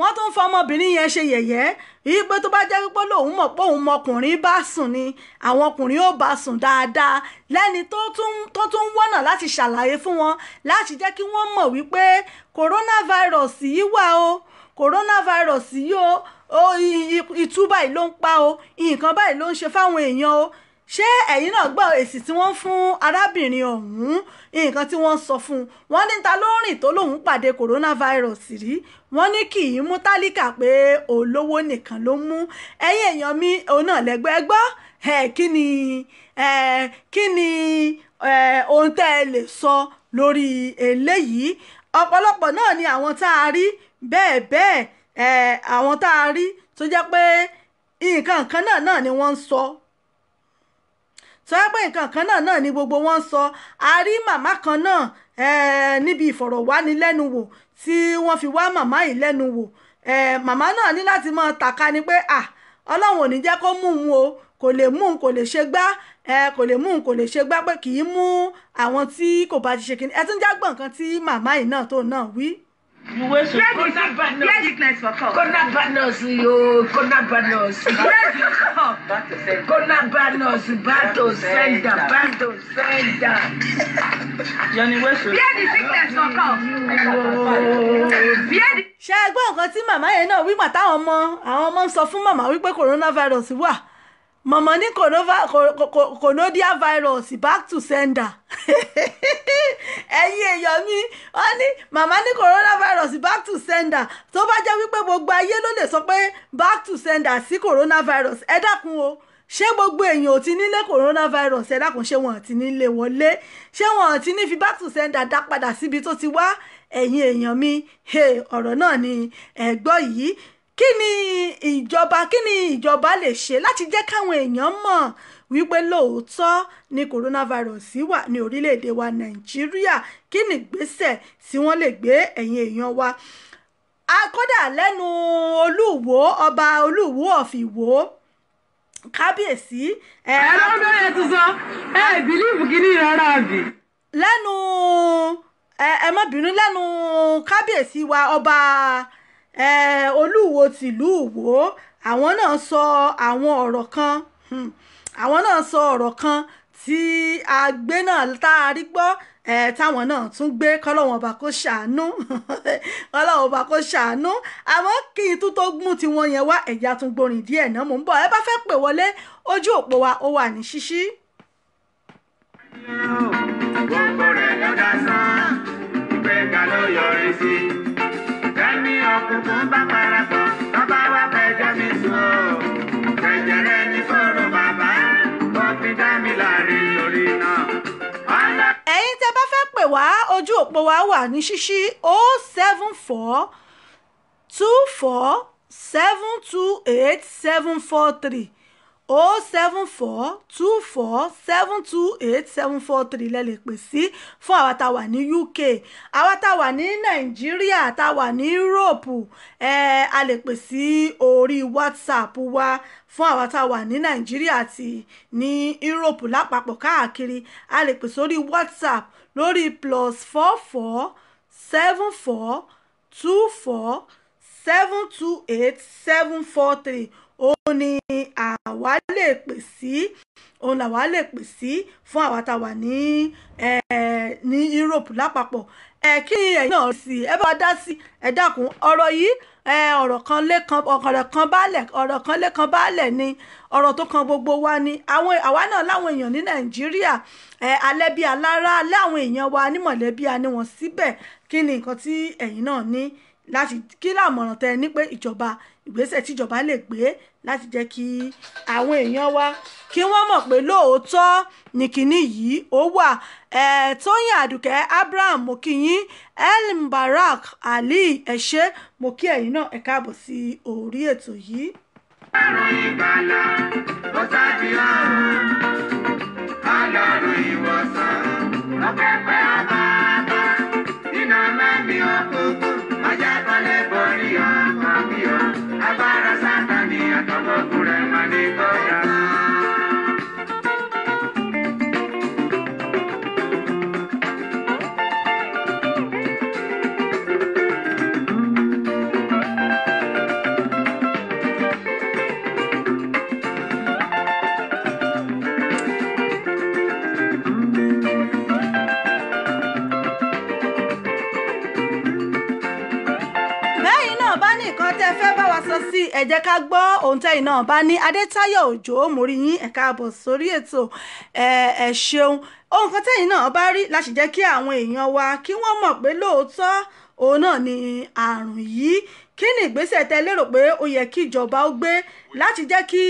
wọ́n tún ń fa ọmọbìnrin yẹn ṣe yẹ̀yẹ́ yìí pé tó bá jẹ́ pé lòun mọ̀ pé òun mọkùnrin bá sùn ni àwọn ọkùnrin ó bá sùn dáadáa lẹ́ni tó tún ń wọ́nà láti ṣàlàyé fún wọn láti jẹ́ kí wọ́n mọ̀ wípé coronavirus yìí wà o coronavirus yìí o ìtú báyìí ló ń pa o nǹkan báyìí ló ń ṣe fáwọn èèyàn o ṣé ẹ̀yin náà gbọ́ èsì tí wọ́n fún arábìnrin ọ̀hún nǹkan tí wọ́n sọ fún un wọ́n ní ta ló rìn tó lòun pàdé coronavirus rí wọ́n ní kì í mú tálíkà pé olówó nìkan ló mú ẹ̀yin èèyàn mi òun náà lẹ́gbẹ́ gbọ́ kí ni kí ni ohun tẹ́ ẹ lè sọ lórí eléyìí ọ̀pọ̀lọpọ̀ náà ni àwọn tá a rí bẹ́ẹ̀ bẹ́ẹ̀ àwọn tá a rí tó jẹ́ pé nǹkan kan náà náà ni wọ́n ń sọ tó yẹ pé nǹkan kan náà náà ni gbogbo wọn ń sọ a rí màmá kan náà eh, níbi ìfọ̀rọ̀wánilẹ́nuwò tí wọ́n fi wá màmá yìí lẹ́nu wò eh, màmá náà ní láti máa tàka ni pé à ọlọ́run ò ní jẹ́ kó mú un o kò lè mú un kò lè ṣe gbá eh, kò lè mú un kò lè ṣe gbá pé kì í mú àwọn tí kò bá ti ṣe kíni ẹ tún jágbọ́n nǹkan tí màmá yìí náà tó náà wí. You were supposed to bad nose. Where is sickness for cough? Kona bad nose, yo. Kona bad nose. Where is cough? Kona bad nose. Bato senda. Bato senda. Johnny, where is sickness for cough? Where is. Ṣé ẹ gbọ́ nǹkan tí màmá yẹn náà wí mà táwọn ọmọ àwọn ọmọ ń sọ fún màmá wípé coronavirus wà. Mama ni conodia virus back to sender ẹ̀yin èèyàn mi wọ́n ní màmá ní coronavirus back to sender tó bá jẹ́ wípé gbogbo ayé ló lè sọ pé back to sender sí coronavirus ẹ dákun o ṣé gbogbo èèyàn ò ti nílé coronavirus ẹ dákun ṣé wọn ti nílé wọlé ṣé wọn ti ní fi back to sender dá padà síbi tó ti wá ẹ̀yin èèyàn mi ọ̀rọ̀ náà ni ẹ gbọ́ yìí kí ni ìjọba kí ni ìjọba lè ṣe láti jẹ́ káwọn èèyàn mọ̀ wípé lóòótọ́ ni coronavirus wà ní orílẹ̀-èdè wa nàìjíríà kí ni ìgbésẹ̀ tí wọ́n lè gbé ẹ̀yin èèyàn wa akọ́dà lẹ́nu olúwo ọba olúwo ọ̀fìwò kábíyèsí. ẹ ló bẹ̀rẹ̀ tuntun ẹ bìlíìfù kìíní rárá bì. lẹ́nu ẹ má bínú lẹ́nu kábíyèsí wa ọba. Eh, um olùwọ́ọ́ tìlùú iwọ àwọn náà sọ àwọn ọ̀rọ̀ kan hmm, àwọn náà sọ ọ̀rọ̀ kan tí agbe náà tá a rí gbọ́ táwọn náà tún gbé kọ́lọ́wọ́n ọba kó ṣàánú kọ́lọ́wọ́n ọba kó ṣàánú àmọ́ kí n tún tó mú tiwọn yẹn wá ẹ̀yà tún gborin díẹ̀ náà mò ń bọ̀ ẹ bá fẹ́ pè wọlé ojú òpó wa ó wà ní ṣíṣí. gbogbo rẹ̀ ló dá sán ìgbéga ló yọrí sí i ní ọkùnkùn bá parapọ̀ bàbá wa fẹjọ́ mi sùn o. jẹjẹrẹ ní fọ́ọ̀rọ̀ bàbá ó fi dá mi láàrin lórí náà. ẹ̀yin tẹ́ bá fẹ́ pè wá ojú òpó wa wà ní ṣíṣí o oh seven four two four seven two eight seven four three oh seven four two four seven two eight lẹ́ lè pè sí fún àwa tá a wà ní UK àwa tá a wà ní Nàìjíríà tá a wà ní Europe ẹ̀ a lè pè sí orí WhatsApp wa fún àwa tá a wà ní Nàìjíríà àti ní Europe lápapọ̀ káàkiri a lè pè sórí WhatsApp lórí plus four four seven four two four seven two eight seven four three òun ni àwa lè pè sí òun làwa lè pè sí fún àwa tá a wà ní ní Europe lápapọ̀ ẹ kí ẹ̀yin náà sì ẹ bá dá sí ẹ dákun ọ̀rọ̀ yìí ọ̀rọ̀ kan lẹ́kan ọ̀rọ̀ kan báàlẹ̀ ọ̀rọ̀ kan lẹ́kan báàlẹ̀ ni ọ̀rọ̀ tó kan gbogbo wa ni àwọn àwa náà láwọn èèyàn ní Nàìjíríà alẹ́bí alára láwọn èèyàn wa ní mọ̀lẹ́bí a ní wọn síbẹ̀ kí ni nǹkan tí ẹ̀yin náà ní láti kí làmọ̀ràn tẹ ní pé ìjọba ìgbésẹ̀ tíjọba lè gbé láti jẹ́ kí àwọn èèyàn wa kí wọ́n mọ̀ pé lóòótọ́ ní kinní yìí ó wà tóyìn àdùkẹ́ abraham mo kí ali ẹ̀ṣẹ́ mo kí ẹ̀yin náà ẹ̀ káàbọ̀ sí orí ètò yìí. ọ̀rọ̀ ìgbàlà ó sáàdì ọ̀run ọlọ́run ìwòsàn ọ̀pẹ̀pẹ̀ ọba iná mẹ́mí òkùnkùn. ẹ jẹ́ ká gbọ́ ohun tẹ́yìn náà bá ní adétáyọ̀ òjò mórí yín ẹ káàbọ̀ sórí ètò ẹ ṣeun ohun kan tẹ́yìn náà bá rí láti jẹ́ kí àwọn èèyàn wa kí wọ́n mọ̀ pé lóòótọ́ òun náà ni àrùn yìí kí ni ìgbésẹ̀ tẹ́ lérò pé ó yẹ kí ìjọba ó gbé láti jẹ́ kí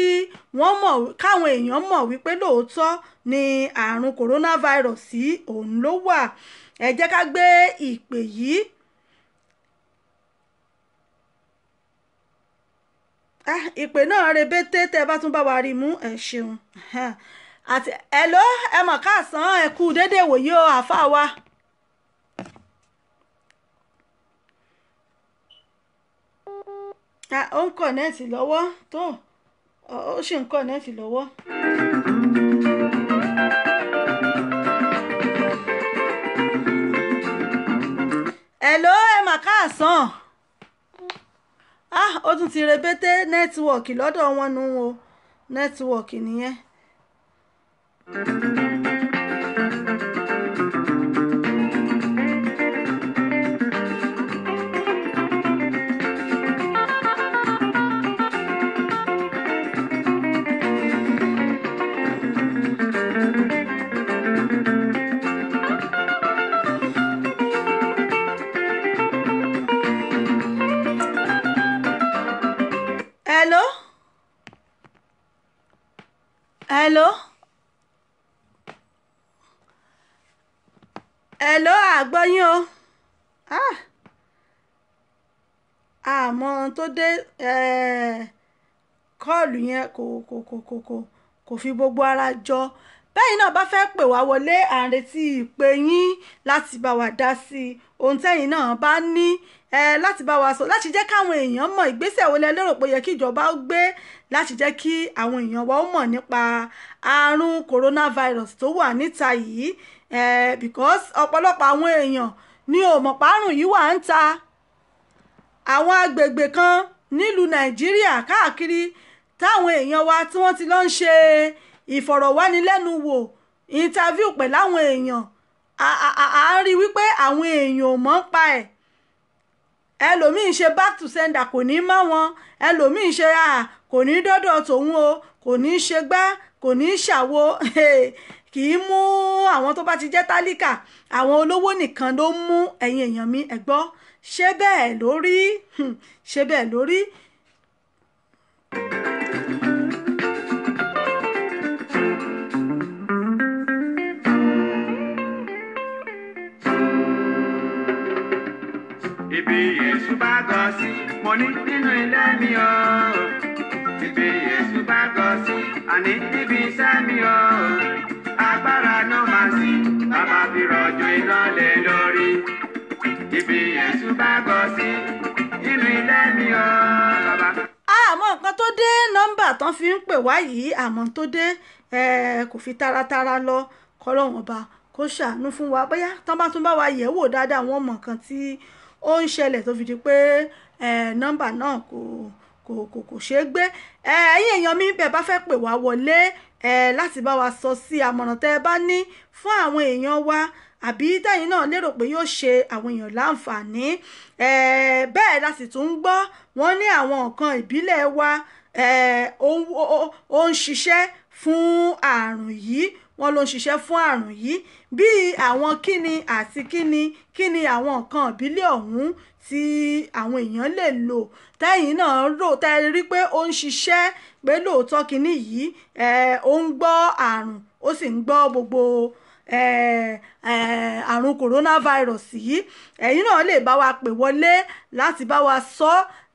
wọ́n mọ̀ káwọn èèyàn mọ̀ wípé lóòótọ́ ni àrùn coronavirus òun ló wà ẹ jẹ́ ká gbé ìpè yìí Ah, ìpè náà rebété tẹ́ ẹ bá tún bá wa rí mú ẹ ṣeun àti ẹ̀ló ẹ mọ̀ káàsán ẹ kú déédéé wòye o àáfàá wa. Ah, ó ń kọ̀nẹ́ẹ̀tì lọ́wọ́ tó ó sì ń kọ̀nẹ́ẹ̀tì lọ́wọ́. ẹ̀ló ẹ mọ̀ káàsán. ah o tún ti rebete nẹ́tíwọ̀kì lọdọ wọn nù ún o nìyẹn. tó dé eh, kọ́ọ̀lù yẹn kò kò kò kò kò kò fi gbogbo ara jọ bẹ́yìn náà bá fẹ́ pè wá wọlé à ń retí ìpè yín láti bá wa dá sí i ohun tẹ́yìn náà bá ní eh, láti bá wa sọ láti jẹ́ káwọn èèyàn mọ̀ ìgbésẹ̀ wo lẹ lérò pé yẹ kí ìjọba ó gbé láti jẹ́ kí àwọn èèyàn wa ó mọ̀ nípa àrùn coronavirus tó wà níta yìí eh, because ọ̀pọ̀lọpọ̀ àwọn èèyàn ni ò mọ̀ párùn yìí wà ń ta àwọn àgbègbè kan nílùú nàìjíríà káàkiri táwọn èèyàn wa tí wọ́n ti lọ ń ṣe ìfọ̀rọ̀wánilẹ́nuwò interview pẹ̀lú àwọn èèyàn à ń rí wípé àwọn èèyàn ò mọ̀ ń pa ẹ̀ ẹlòmíín ṣe back to sender kò ní mọ̀ wọn ẹlòmíín ṣe à kò ní dọ́dọ̀ tòun o kò ní ṣe gbá kò ní ṣàwo kì í mú àwọn tó bá ti jẹ́ tálíkà àwọn olówó nìkan ló mú ẹ̀yin èèyàn mi ẹ̀ gbọ́ ṣé bẹ́ẹ̀ ló rí hmm, ṣé bẹ́ẹ̀ ló rí. ibi Jésù bá gọ sí mo ní nínú ilé mi o ibi Jésù bá gọ sí àní níbi iṣẹ́ mi o agbára náà máa sí bàbá fi rọ̀jò iná lé lórí ibi èṣù bá gọ̀ sí inú ilé mi ò lọ́ba. àmọ́ nǹkan tó dé nọ́mbà tán fi ń pè wá yìí àmọ́ tó dé kò fi taratara lọ kọ́lọ́hún ọba kó ṣàánú fún wa bóyá tán bá tún bá wa yẹ̀ wò dáadáa wọ́n mọ̀ nǹkan tí ó ń ṣẹlẹ̀ tó fi di pé nọ́mbà náà kò kò kò kò ṣeé gbé ẹ̀yin èèyàn mi bẹ́ẹ̀ bá fẹ́ pè wá wọlé láti bá wa sọ sí àmọ̀ràn tẹ́ ẹ bá ní fún àwọn èèyàn wa àbí tẹ̀yin náà lérò pé yóò ṣe àwọn èèyàn láǹfààní bẹ́ẹ̀ la sì tún ń gbọ́ wọ́n ní àwọn nǹkan ìbílẹ̀ wa ó ń ṣiṣẹ́ fún àrùn yìí wọ́n ló ń ṣiṣẹ́ fún àrùn yìí bíi àwọn kíni àti kíni kíni àwọn nǹkan ìbílẹ̀ ọ̀hún tí àwọn èèyàn lè lò tẹ́yìn náà rò tẹ́ rí pé ó ń ṣiṣẹ́ pé lóòótọ́ kíní yìí ó ń gbọ́ àrùn ó sì ń gbọ́ gbogbo Eh, eh, àrùn coronavirus yìí ẹ̀yin náà lè bá wa pè wọlé láti bá wa sọ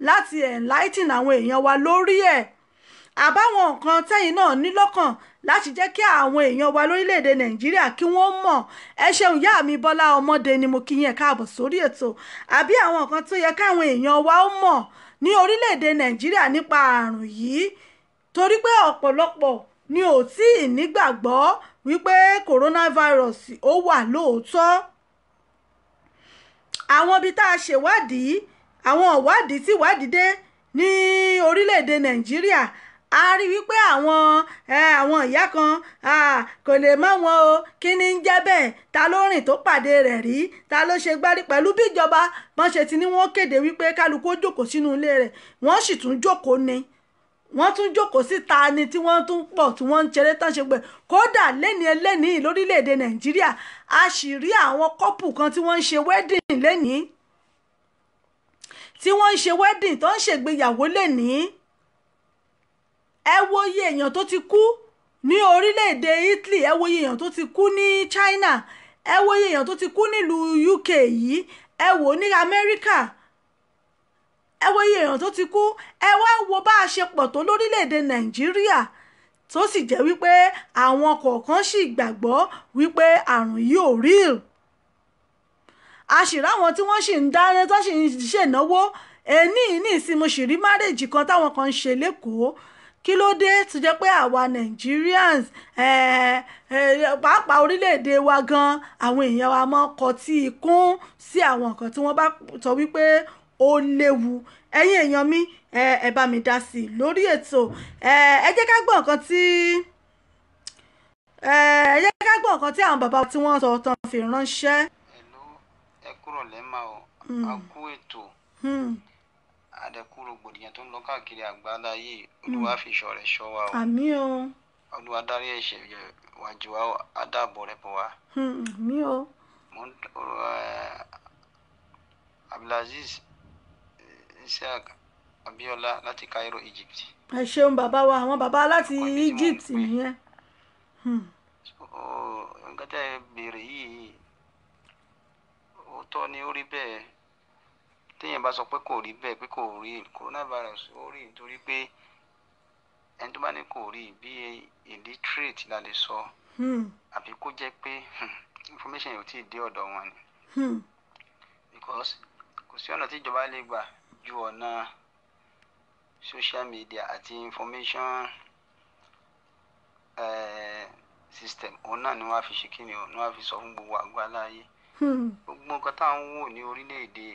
láti enlighten àwọn èèyàn wa lórí ẹ̀ àbáwọn nǹkan tẹ́yìn náà ní lọ́kàn láti jẹ́ kí àwọn èèyàn wa lórílẹ̀‐èdè nàìjíríà kí wọ́n mọ̀ ẹ ṣeun yá mi bọ́lá ọmọdé ni mo kí yín káàbọ̀ sórí ètò àbí àwọn nǹkan tó yẹ káwọn èèyàn wa ó mọ̀ ní orílẹ̀‐èdè nàìjíríà nípa àrùn yìí torí pé ọ̀pọ̀lọpọ̀ ni ò tí ì nígbàgbọ́ wípé coronavirus ó wà lóòótọ́ àwọn ibi tá a ṣèwádìí àwọn ìwádìí tí ìwádìí dé ní orílẹ̀-èdè nàìjíríà a rí wípé àwọn àwọn ìyá kan kò lè mọ wọn o kí ni ń jẹ́ bẹ́ẹ̀ ta ló rìn tó pàdé rẹ̀ rí ta ló ṣe gbárí pẹ̀lú bí ìjọba wọn ṣe ti ní wọ́n kéde wípé kálukú ó sínú ilé rẹ̀ wọ́n sì tún jókòó ni wọ́n tún jókòó síta ni tí wọ́n tún pọ̀ tí wọ́n ń ṣeré tán ṣe pé kódà lẹ́ni ẹlẹ́ni lórílẹ̀‐èdè nàìjíríà a sì rí àwọn kọ́pù kan tí wọ́n ń ṣe wedding lẹ́nìí tí wọ́n ń ṣe wedding tó ń ṣègbéyàwó lẹ́nìí ẹ wo iye èèyàn tó ti kú ní orílẹ̀-èdè Italy ẹ wo iye èèyàn tó ti kú ní China ẹ wo iye èèyàn tó ti kú nílùú UK yìí ẹ wò ní Amẹ́ríkà ẹ wo iye èèyàn tó ti kú ẹ wá wo bá a ṣe pọ̀ tó lórílẹ̀‐èdè nàìjíríà tó sì jẹ́ wípé àwọn kọ̀ọ̀kan sì gbàgbọ́ wípé àrùn yìí ò real a sì ráwọn tí wọ́n sì ń dáná tó sì ń ṣènáwó ẹni ní ìsinmi sì rí márèjì kan táwọn kan ń ṣe lẹ́kọ̀ọ́ kí ló dé tó jẹ́ pé àwa Nigerians pàápàá orílẹ̀-èdè wa gan àwọn èèyàn wa mọ́ kọtí ikún sí àwọn nǹkan tí wọ́n bá sọ wípé ó léwu ẹ̀yin èèyàn mi ẹ bá mi dá sí i lórí ètò ẹ jẹ́ ká gbọ́ nǹkan tí ẹ jẹ́ ká gbọ́ nǹkan tí àwọn bàbá tí wọ́n sọ tán fi ránṣẹ́. hello ẹ kúrò lẹ́mà o hmm. a kú ètò àdẹkù hmm. rògbòdìyàn tó ń lọ káàkiri àgbáńlá yìí olúwa hmm. fi ìṣọ́ rẹ̀ ṣọ́ wa o àmín o olúwa dárí ẹ̀ṣẹ̀ wájú wa adáàbò rẹ̀ bọ̀ wá. mi o. abdulaziz Isiaq Abíọ́lá láti Cairo Egypt. ẹ ṣeun bàbá wa àwọn bàbá láti Egypt nìyẹn. Hmm. nǹkan tẹ́ ẹ béèrè yìí òótọ́ ni ó rí bẹ́ẹ̀ téèyàn bá sọ pé kò rí bẹ́ẹ̀ pé kò rí coronavirus ó rí nítorí pé ẹni tó bá ní kò rí bí illiterate la lè sọ hmm. àbí kó jẹ́ pé hmm, information yóò tí dé ọ̀dọ̀ wọn ni because kò sí ọ̀nà tí ìjọba lè gbà ju ọ̀nà social media àti information uh, system òun náà ni wọ́n á fi ṣe kíni òun ni wọ́n á fi sọ fún gbogbo àgbà láàyè hmm. gbogbo nǹkan tá à ń wò ní orílẹ̀-èdè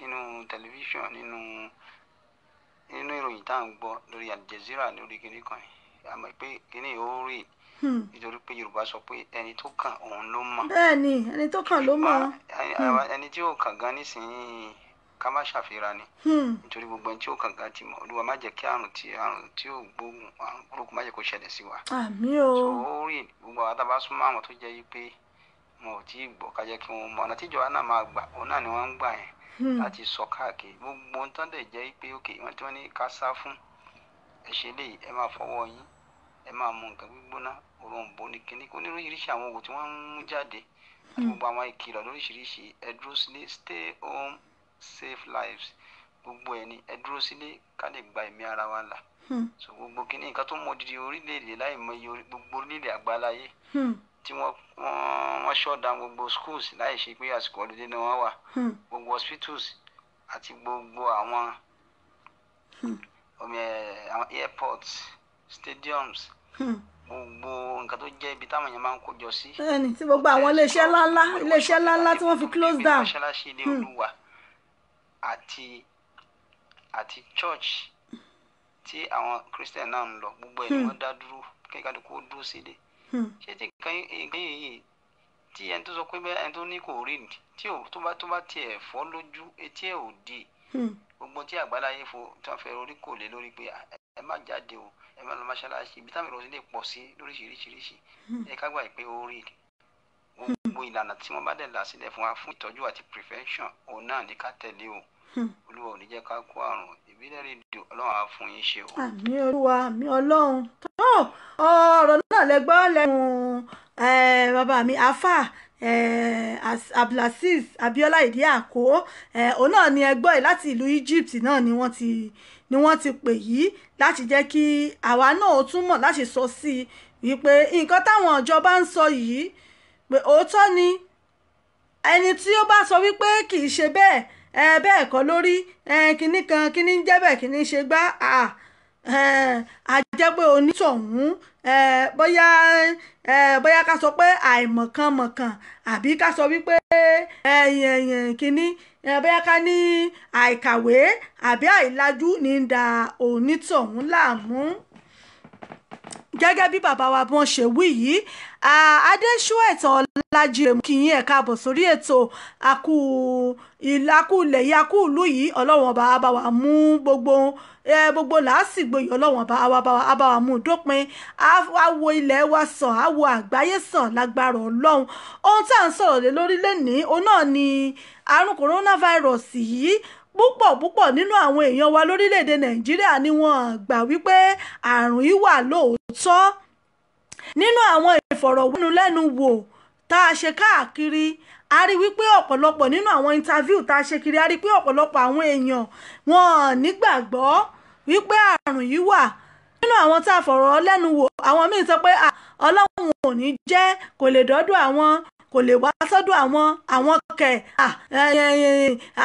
nínú tẹlifíṣàn nínú nínú ìròyìn tá à ń gbọ́ lórí Al Jazeera lórí kinní kan yìí àmọ́ pé kinní ó rè hmm. nítorí pé Yorùbá sọ pé ẹni tó kàn òun ló mọ̀. bẹ́ẹ̀ni ẹni tó kàn ló mọ̀. Hmm. ẹni tí ó kàn gan nísìnyí ká má ṣàfihàn ni hmm. nítorí gbogbo ẹni tí ó kàn gan ti mọ̀ olúwa má jẹ́ kí àrùn tí àrùn tí ó gbógun àrùn burúkú má jẹ́ kó ṣẹlẹ̀ sí wa. àmín o. so ó rí gbogbo àwọn tábà súnmọ́ àwọn tó jẹ́ yí pé wọn ò tí ì gbọ́ ká jẹ́ kí wọ́n mọ̀ ọ̀nà tíjọba náà máa gbà òun náà ni wọ́n ń gbà yẹn hmm. láti sọ káàkiri gbogbo ohun tó ń dẹ̀ jẹ́ pé òkè wọ́n ti wọ́n ní ká sá fún ẹ ṣe léyìí ẹ máa fọwọ́ yín ẹ máa mu nǹkan gbígbóná òròǹbó ní kínní onírúurú àwọn oògùn tí wọ́n ń mú jáde hmm. gbogbo àwọn ìkìlọ̀ lóríṣiríṣi ẹ dúró sílé stay home save lives gbogbo ẹni ẹ dúró sílé ká lè gba ẹ̀mí ara wa là hmm. so gbogbo kí ni nǹkan tó mọ didi orílẹ̀-èdè láì mọ iye gbogbo orílẹ̀-èdè àgbáláyé hmm. tí wọ́n wọ́n shut down gbogbo schools láì ṣe pé àsìkò ọ̀dọ́dẹ́ ni wọ́n wà hmm. gbogbo hospitals àti gbogbo àwọn eh, àwọn airports stadiums gbogbo nǹkan tó jẹ́ ibi táwọn èèyàn máa ń kó jọ sí. bẹ́ẹ̀ni tí gbogbo àwọn iléeṣẹ́ ńláńlá iléeṣẹ́ ńláńlá tí wọ́n fi close down. iléeṣẹ́ àti àti church tí àwọn christian náà ń lọ gbogbo ẹ̀ ni hmm. wọ́n dá dúró kíkàdé kó dúró sílé hmm. ṣé tí nǹkan yìí tí ẹni tó sọ pé bẹ́ẹ̀ ẹni tó ní kò rí tí ò tó bá tó bá tiẹ̀ fọ́ lójú etí ẹ̀ ò di hmm. gbogbo tí àgbáláyé fo tí wọ́n fẹ́ orí kò lé lórí pé ẹ má jáde o ẹ má lọ mọ́ṣáláṣí ibi táwọn èrò ti lè pọ̀ sí lóríṣiríṣiríṣi ẹ ká gbà pé ó rí ni wọn gbogbo ìlànà tí wọn bá dẹ̀ là sílẹ̀ fún wa fún ìtọ́jú àti prevention òun náà ní ká tẹ̀lé o hmm. olúwa ò ní jẹ́ ká kó àrùn ìbílẹ̀ rédíò ọlọ́run á fún yín ṣe o. àmì olúwa àmì ọlọ́run tó ọ̀rọ̀ náà lẹ gbọ́ bàbá mi afa abdulaziz abiola ìdí àkó òun náà ni ẹgbọ́ ẹ̀ láti ìlú egypt náà ni wọ́n ti ni wọ́n ti pè yìí láti jẹ́ kí àwa náà ó túmọ̀ láti sọ sí i wípé nǹkan táwọn ìjọba ń sọ yìí pé òótọ́ ni ẹni tí ó bá sọ wípé kì í ṣe bẹ́ẹ̀ bẹ́ẹ̀ kọ́ lórí kinní kan kinní ń jẹ́ bẹ́ẹ̀ kinní ń ṣe gbá a jẹ́ pé onítọ̀hún bóyá bóyá ká sọ pé àìmọ̀kànmọ̀kàn àbí ká sọ wípé kinní bóyá ká ní àìkàwé àbí àìlajú ní da onítọ̀hún láàmú gẹ́gẹ́ bí bàbá wa bí wọ́n ṣe wí yìí adéṣúẹ̀tàn ọlájírè mú kí yín ẹ̀ka àbọ̀ sórí ètò àkúlẹ̀ yìí àkúlù yìí ọlọ́wọ́n bá bá wa mú gbogbo gbogbo làásìgbò yìí ọlọ́wọ́n bá wa bá wa mú dópin àwo ilẹ̀ wa sàn àwo àgbáyé sàn lágbára ọlọ́run ohun tá à ń sọ̀rọ̀ lé lórí lẹ́nìí òun náà ni àrùn coronavirus yìí púpọ̀ púpọ̀ nínú àwọn èèyàn wa lórílẹ̀‐èdè nàìjíríà ni wọ́n gbà wípé àrùn yìí wà lóòótọ́ nínú àwọn ìfọ̀rọ̀wánilẹ́nuwò tá a ṣe káàkiri a rí wípé ọ̀pọ̀lọpọ̀ nínú àwọn interview tá a ṣe kiri a rí pé ọ̀pọ̀lọpọ̀ àwọn èèyàn wọn nígbàgbọ́ wípé àrùn yìí wà nínú àwọn tá a fọ̀rọ̀ lẹ́nu wò àwọn míì sọ pé ọlọ́run ò ní jẹ́ kó lè dọ́dọ̀ àwọn kò lè wá sọ́dọ̀ àwọn àwọn kẹ̀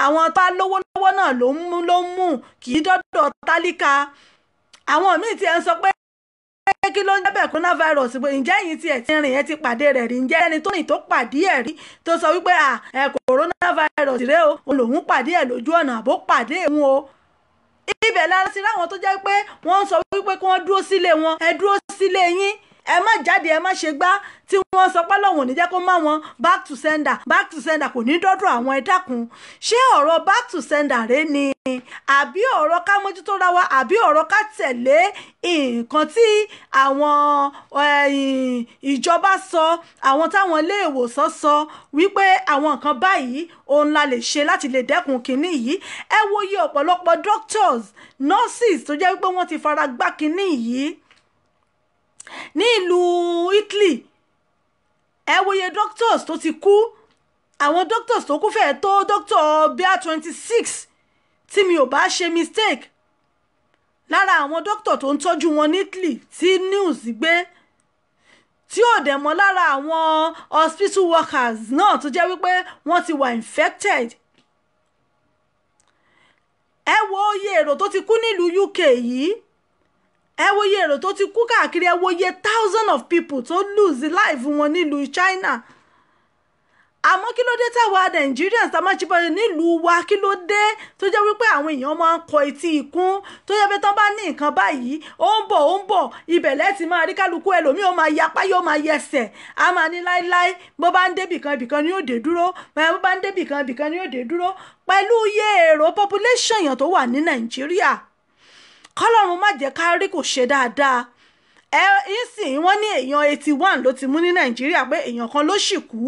àwọn tá lówó lọ́wọ́ náà ló ń mú ló ń mú kì í dọ́dọ̀ tálíkà àwọn míì tiẹ̀ ń sọ pé kí ló ń jẹ́ bẹ́ẹ̀ coronavirus pé ǹjẹ́ yìí tiẹ̀ ti rìn yẹn ti pàdé rẹ̀ rí ǹjẹ́ ẹni tó rìn tó pàdé ẹ̀ rí tó sọ wípé ẹ coronavirus rẹ o lòun pàdé ẹ̀ lójú ọ̀nà àbó pàdé òun o ibẹ̀ lára sí láwọn tó jẹ́ pé wọ́n ń sọ wípé kí wọ́n dúró sílé wọn ẹ dúró sílé yín ẹ má jáde ẹ má ṣe gbá tí wọ́n sọ pé lọ́wọ́n ò ní jẹ́ kó má wọn back to sender back to sender kò ní dọ́dọ̀ àwọn ẹ ṣé ọ̀rọ̀ back to sender rẹ ni àbí ọ̀rọ̀ ká mójútó ra wa àbí ọ̀rọ̀ ká tẹ̀lé nǹkan tí àwọn ìjọba sọ àwọn táwọn ilé ìwòsàn sọ wípé àwọn nǹkan báyìí òun la lè ṣe láti lè dẹ́kun kínní yìí ẹ wo iye ọ̀pọ̀lọpọ̀ doctors nurses tó jẹ́ wípé wọ́n ti fara gbá kínní yìí ní ìlú italy ẹ wòye doctors tó ti kú àwọn doctors tó kú fẹ́ẹ́ tó doctor bia twenty six tí mi ò bá ṣe mistake lára àwọn doctor tó ń tọ́jú wọn ní italy tí news gbé tí ò dẹ̀ mọ́ lára àwọn hospital workers náà tó jẹ́ wípé wọ́n ti wà infected ẹ wo iye èrò tó ti kú nílùú UK yìí ẹ wo iye èrò tó ti kú káàkiri ẹ wo thousand of people tó lose life wọn nílùú China àmọ́ kí ló dé táwa Nigerians tá a máa ṣe bọ́ọ̀lù nílùú wa kí ló dé tó jẹ́ wípé àwọn èèyàn máa ń kọ etí ikún tó jẹ́ pé tán bá ní nǹkan báyìí ó ń bọ̀ ó ń bọ̀ ibẹ̀ lẹ́tì máa rí kálukú ẹlòmíì ó máa yapá yóò máa yẹsẹ̀ a máa ní láéláé bó bá ń débì kan ibì kan ni yóò dé dúró bó bá ń débì kan ibì kan ni yóò dé dúró pẹ̀lú iye èrò population èèyàn tó wà ní Nàìjíríà kọ́lọ́run má jẹ́ ká rí kò ṣe dáadáa ẹ ìsìn wọ́n ní èèyàn eighty one ló ti mú ní nàìjíríà pé èèyàn kan ló sì kú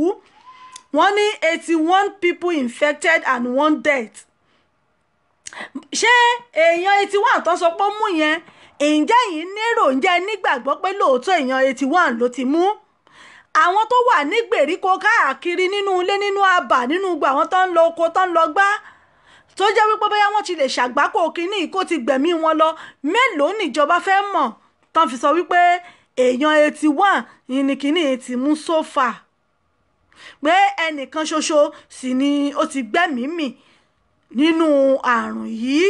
wọ́n ní eighty one people infected and one death ṣé èèyàn eighty one tó sọ pé ó mú yẹn ǹjẹ́ yìí nérò ǹjẹ́ nígbàgbọ́ pé lóòótọ́ èèyàn eighty one ló ti mú àwọn tó wà ní gbèríko káàkiri nínú ilé nínú abà nínú gbogbo àwọn tó ń lo oko tó ń lọ gbá tó jẹ́ wípé bóyá wọ́n ti lè ṣàgbákò kínní kó ti gbẹ̀mí wọn lọ mélòó níjọba fẹ́ mọ̀ tán fi sọ wípé èèyàn eighty one ni kínní ti mú sófà pé ẹnìkan ṣoṣo sì ni ó ti gbẹ̀mí mì nínú àrùn yìí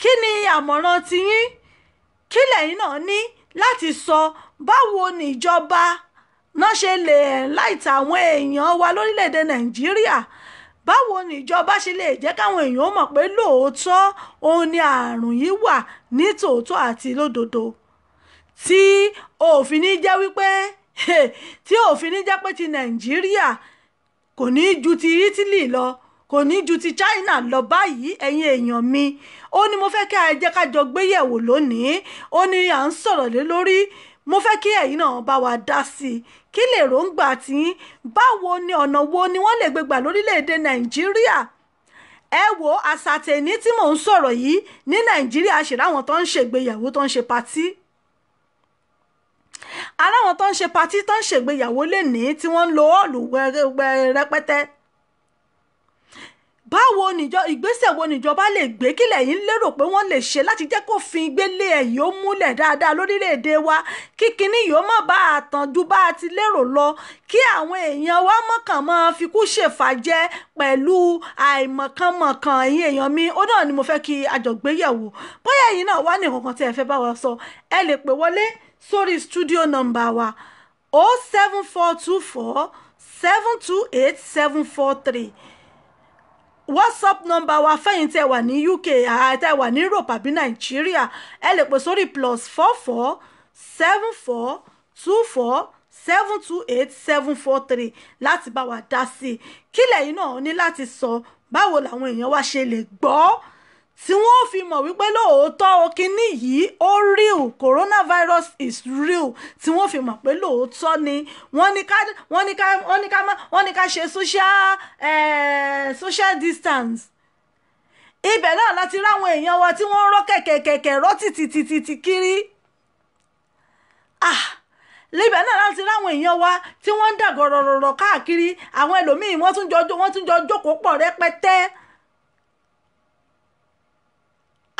kí ni àmọ̀ràn tiyín kí lẹ́yìn náà ní láti sọ báwo níjọba náà ṣe lè láìta àwọn èèyàn wa lórílẹ̀‐èdè nàìjíríà báwo ni ìjọba ṣe lè jẹ́ káwọn èèyàn mọ̀ pé lóòótọ́ òun ni àrùn yìí wà ní tòótọ́ àti lódodo tí òfin ní jẹ́ wípé tí òfin ní jẹ́ pé ti nàìjíríà kò ní ju ti italy lọ kò ní ju ti china lọ báyìí ẹ̀yin èèyàn mi ó ní mo fẹ́ kí a ká jọ gbéyẹ̀wò lónìí ó ní à ń sọ̀rọ̀ lé lórí mo fẹ́ kí ẹ̀yin náà bá wa dá sí i kí lè ròǹgbà tí báwo ni ọ̀nà wo ni wọ́n lè gbé gbà lórílẹ̀‐èdè nàìjíríà ẹ wo àsàtẹ̀ní tí mò ń sọ̀rọ̀ yìí ní nàìjíríà ṣèláwọn tó ń ṣègbéyàwó tó ń ṣe patí aláwọn tó ń ṣe patí tó ń ṣègbéyàwó lè ní tí wọ́n ń lo ọ̀ọ̀lù rẹpẹtẹ báwo níjọ ìgbésẹ̀ wo níjọba lè gbé kílẹ̀ yìí ń lérò pé wọ́n lè ṣe láti jẹ́ kó fin gbélé ẹ̀ yìí ó múlẹ̀ dáadáa lórílẹ̀‐èdè wa kí kinní yìí ó má bá a tàn ju bá a ti lérò lọ kí àwọn èèyàn wa mọ̀kàn mọ́ fikú ṣèfàjẹ pẹ̀lú àìmọ̀kànmọ̀kàn ẹ̀yin èèyàn mi ó náà ni mo fẹ́ kí àjọgbéyẹ̀wò bóyá ẹ̀yin náà wá ní nǹkan tí ẹ fẹ́ bá wa sọ ẹ lè pè wọlé sórí studio number wa 07424 728 whatsapp number wa fẹ́yìn tẹ́ wà ní uk tẹ́ wà ní europe àbí nàìjíríà ẹ lè pè sórí plus four four seven four two four seven two eight seven four three láti bá wa dá sí i kílẹ̀ yìí náà ní láti sọ báwo làwọn èèyàn wa ṣe lè gbọ́ tí wọ́n fi mọ̀ wípé lóòótọ́ kinní yìí ó real coronavirus is real tí wọ́n fi mọ̀ pé lóòótọ́ ni wọ́n ní ká wọ́n ní ká wọ́n ní ká wọ́n ní ká ṣe social eh, social distance ibẹ̀ náà láti ráwọn èèyàn wa tí wọ́n ń rọ́ kẹ̀kẹ̀kẹ̀kẹ̀ rọ́ tìtìtìtì kiri ah libẹ̀ náà láti ráwọn èèyàn wa tí wọ́n ń dàgọ̀rọ̀rọ̀rọ̀ káàkiri àwọn ẹlòmíín wọ́n tún jọ jókòó pọ̀ rẹpẹtẹ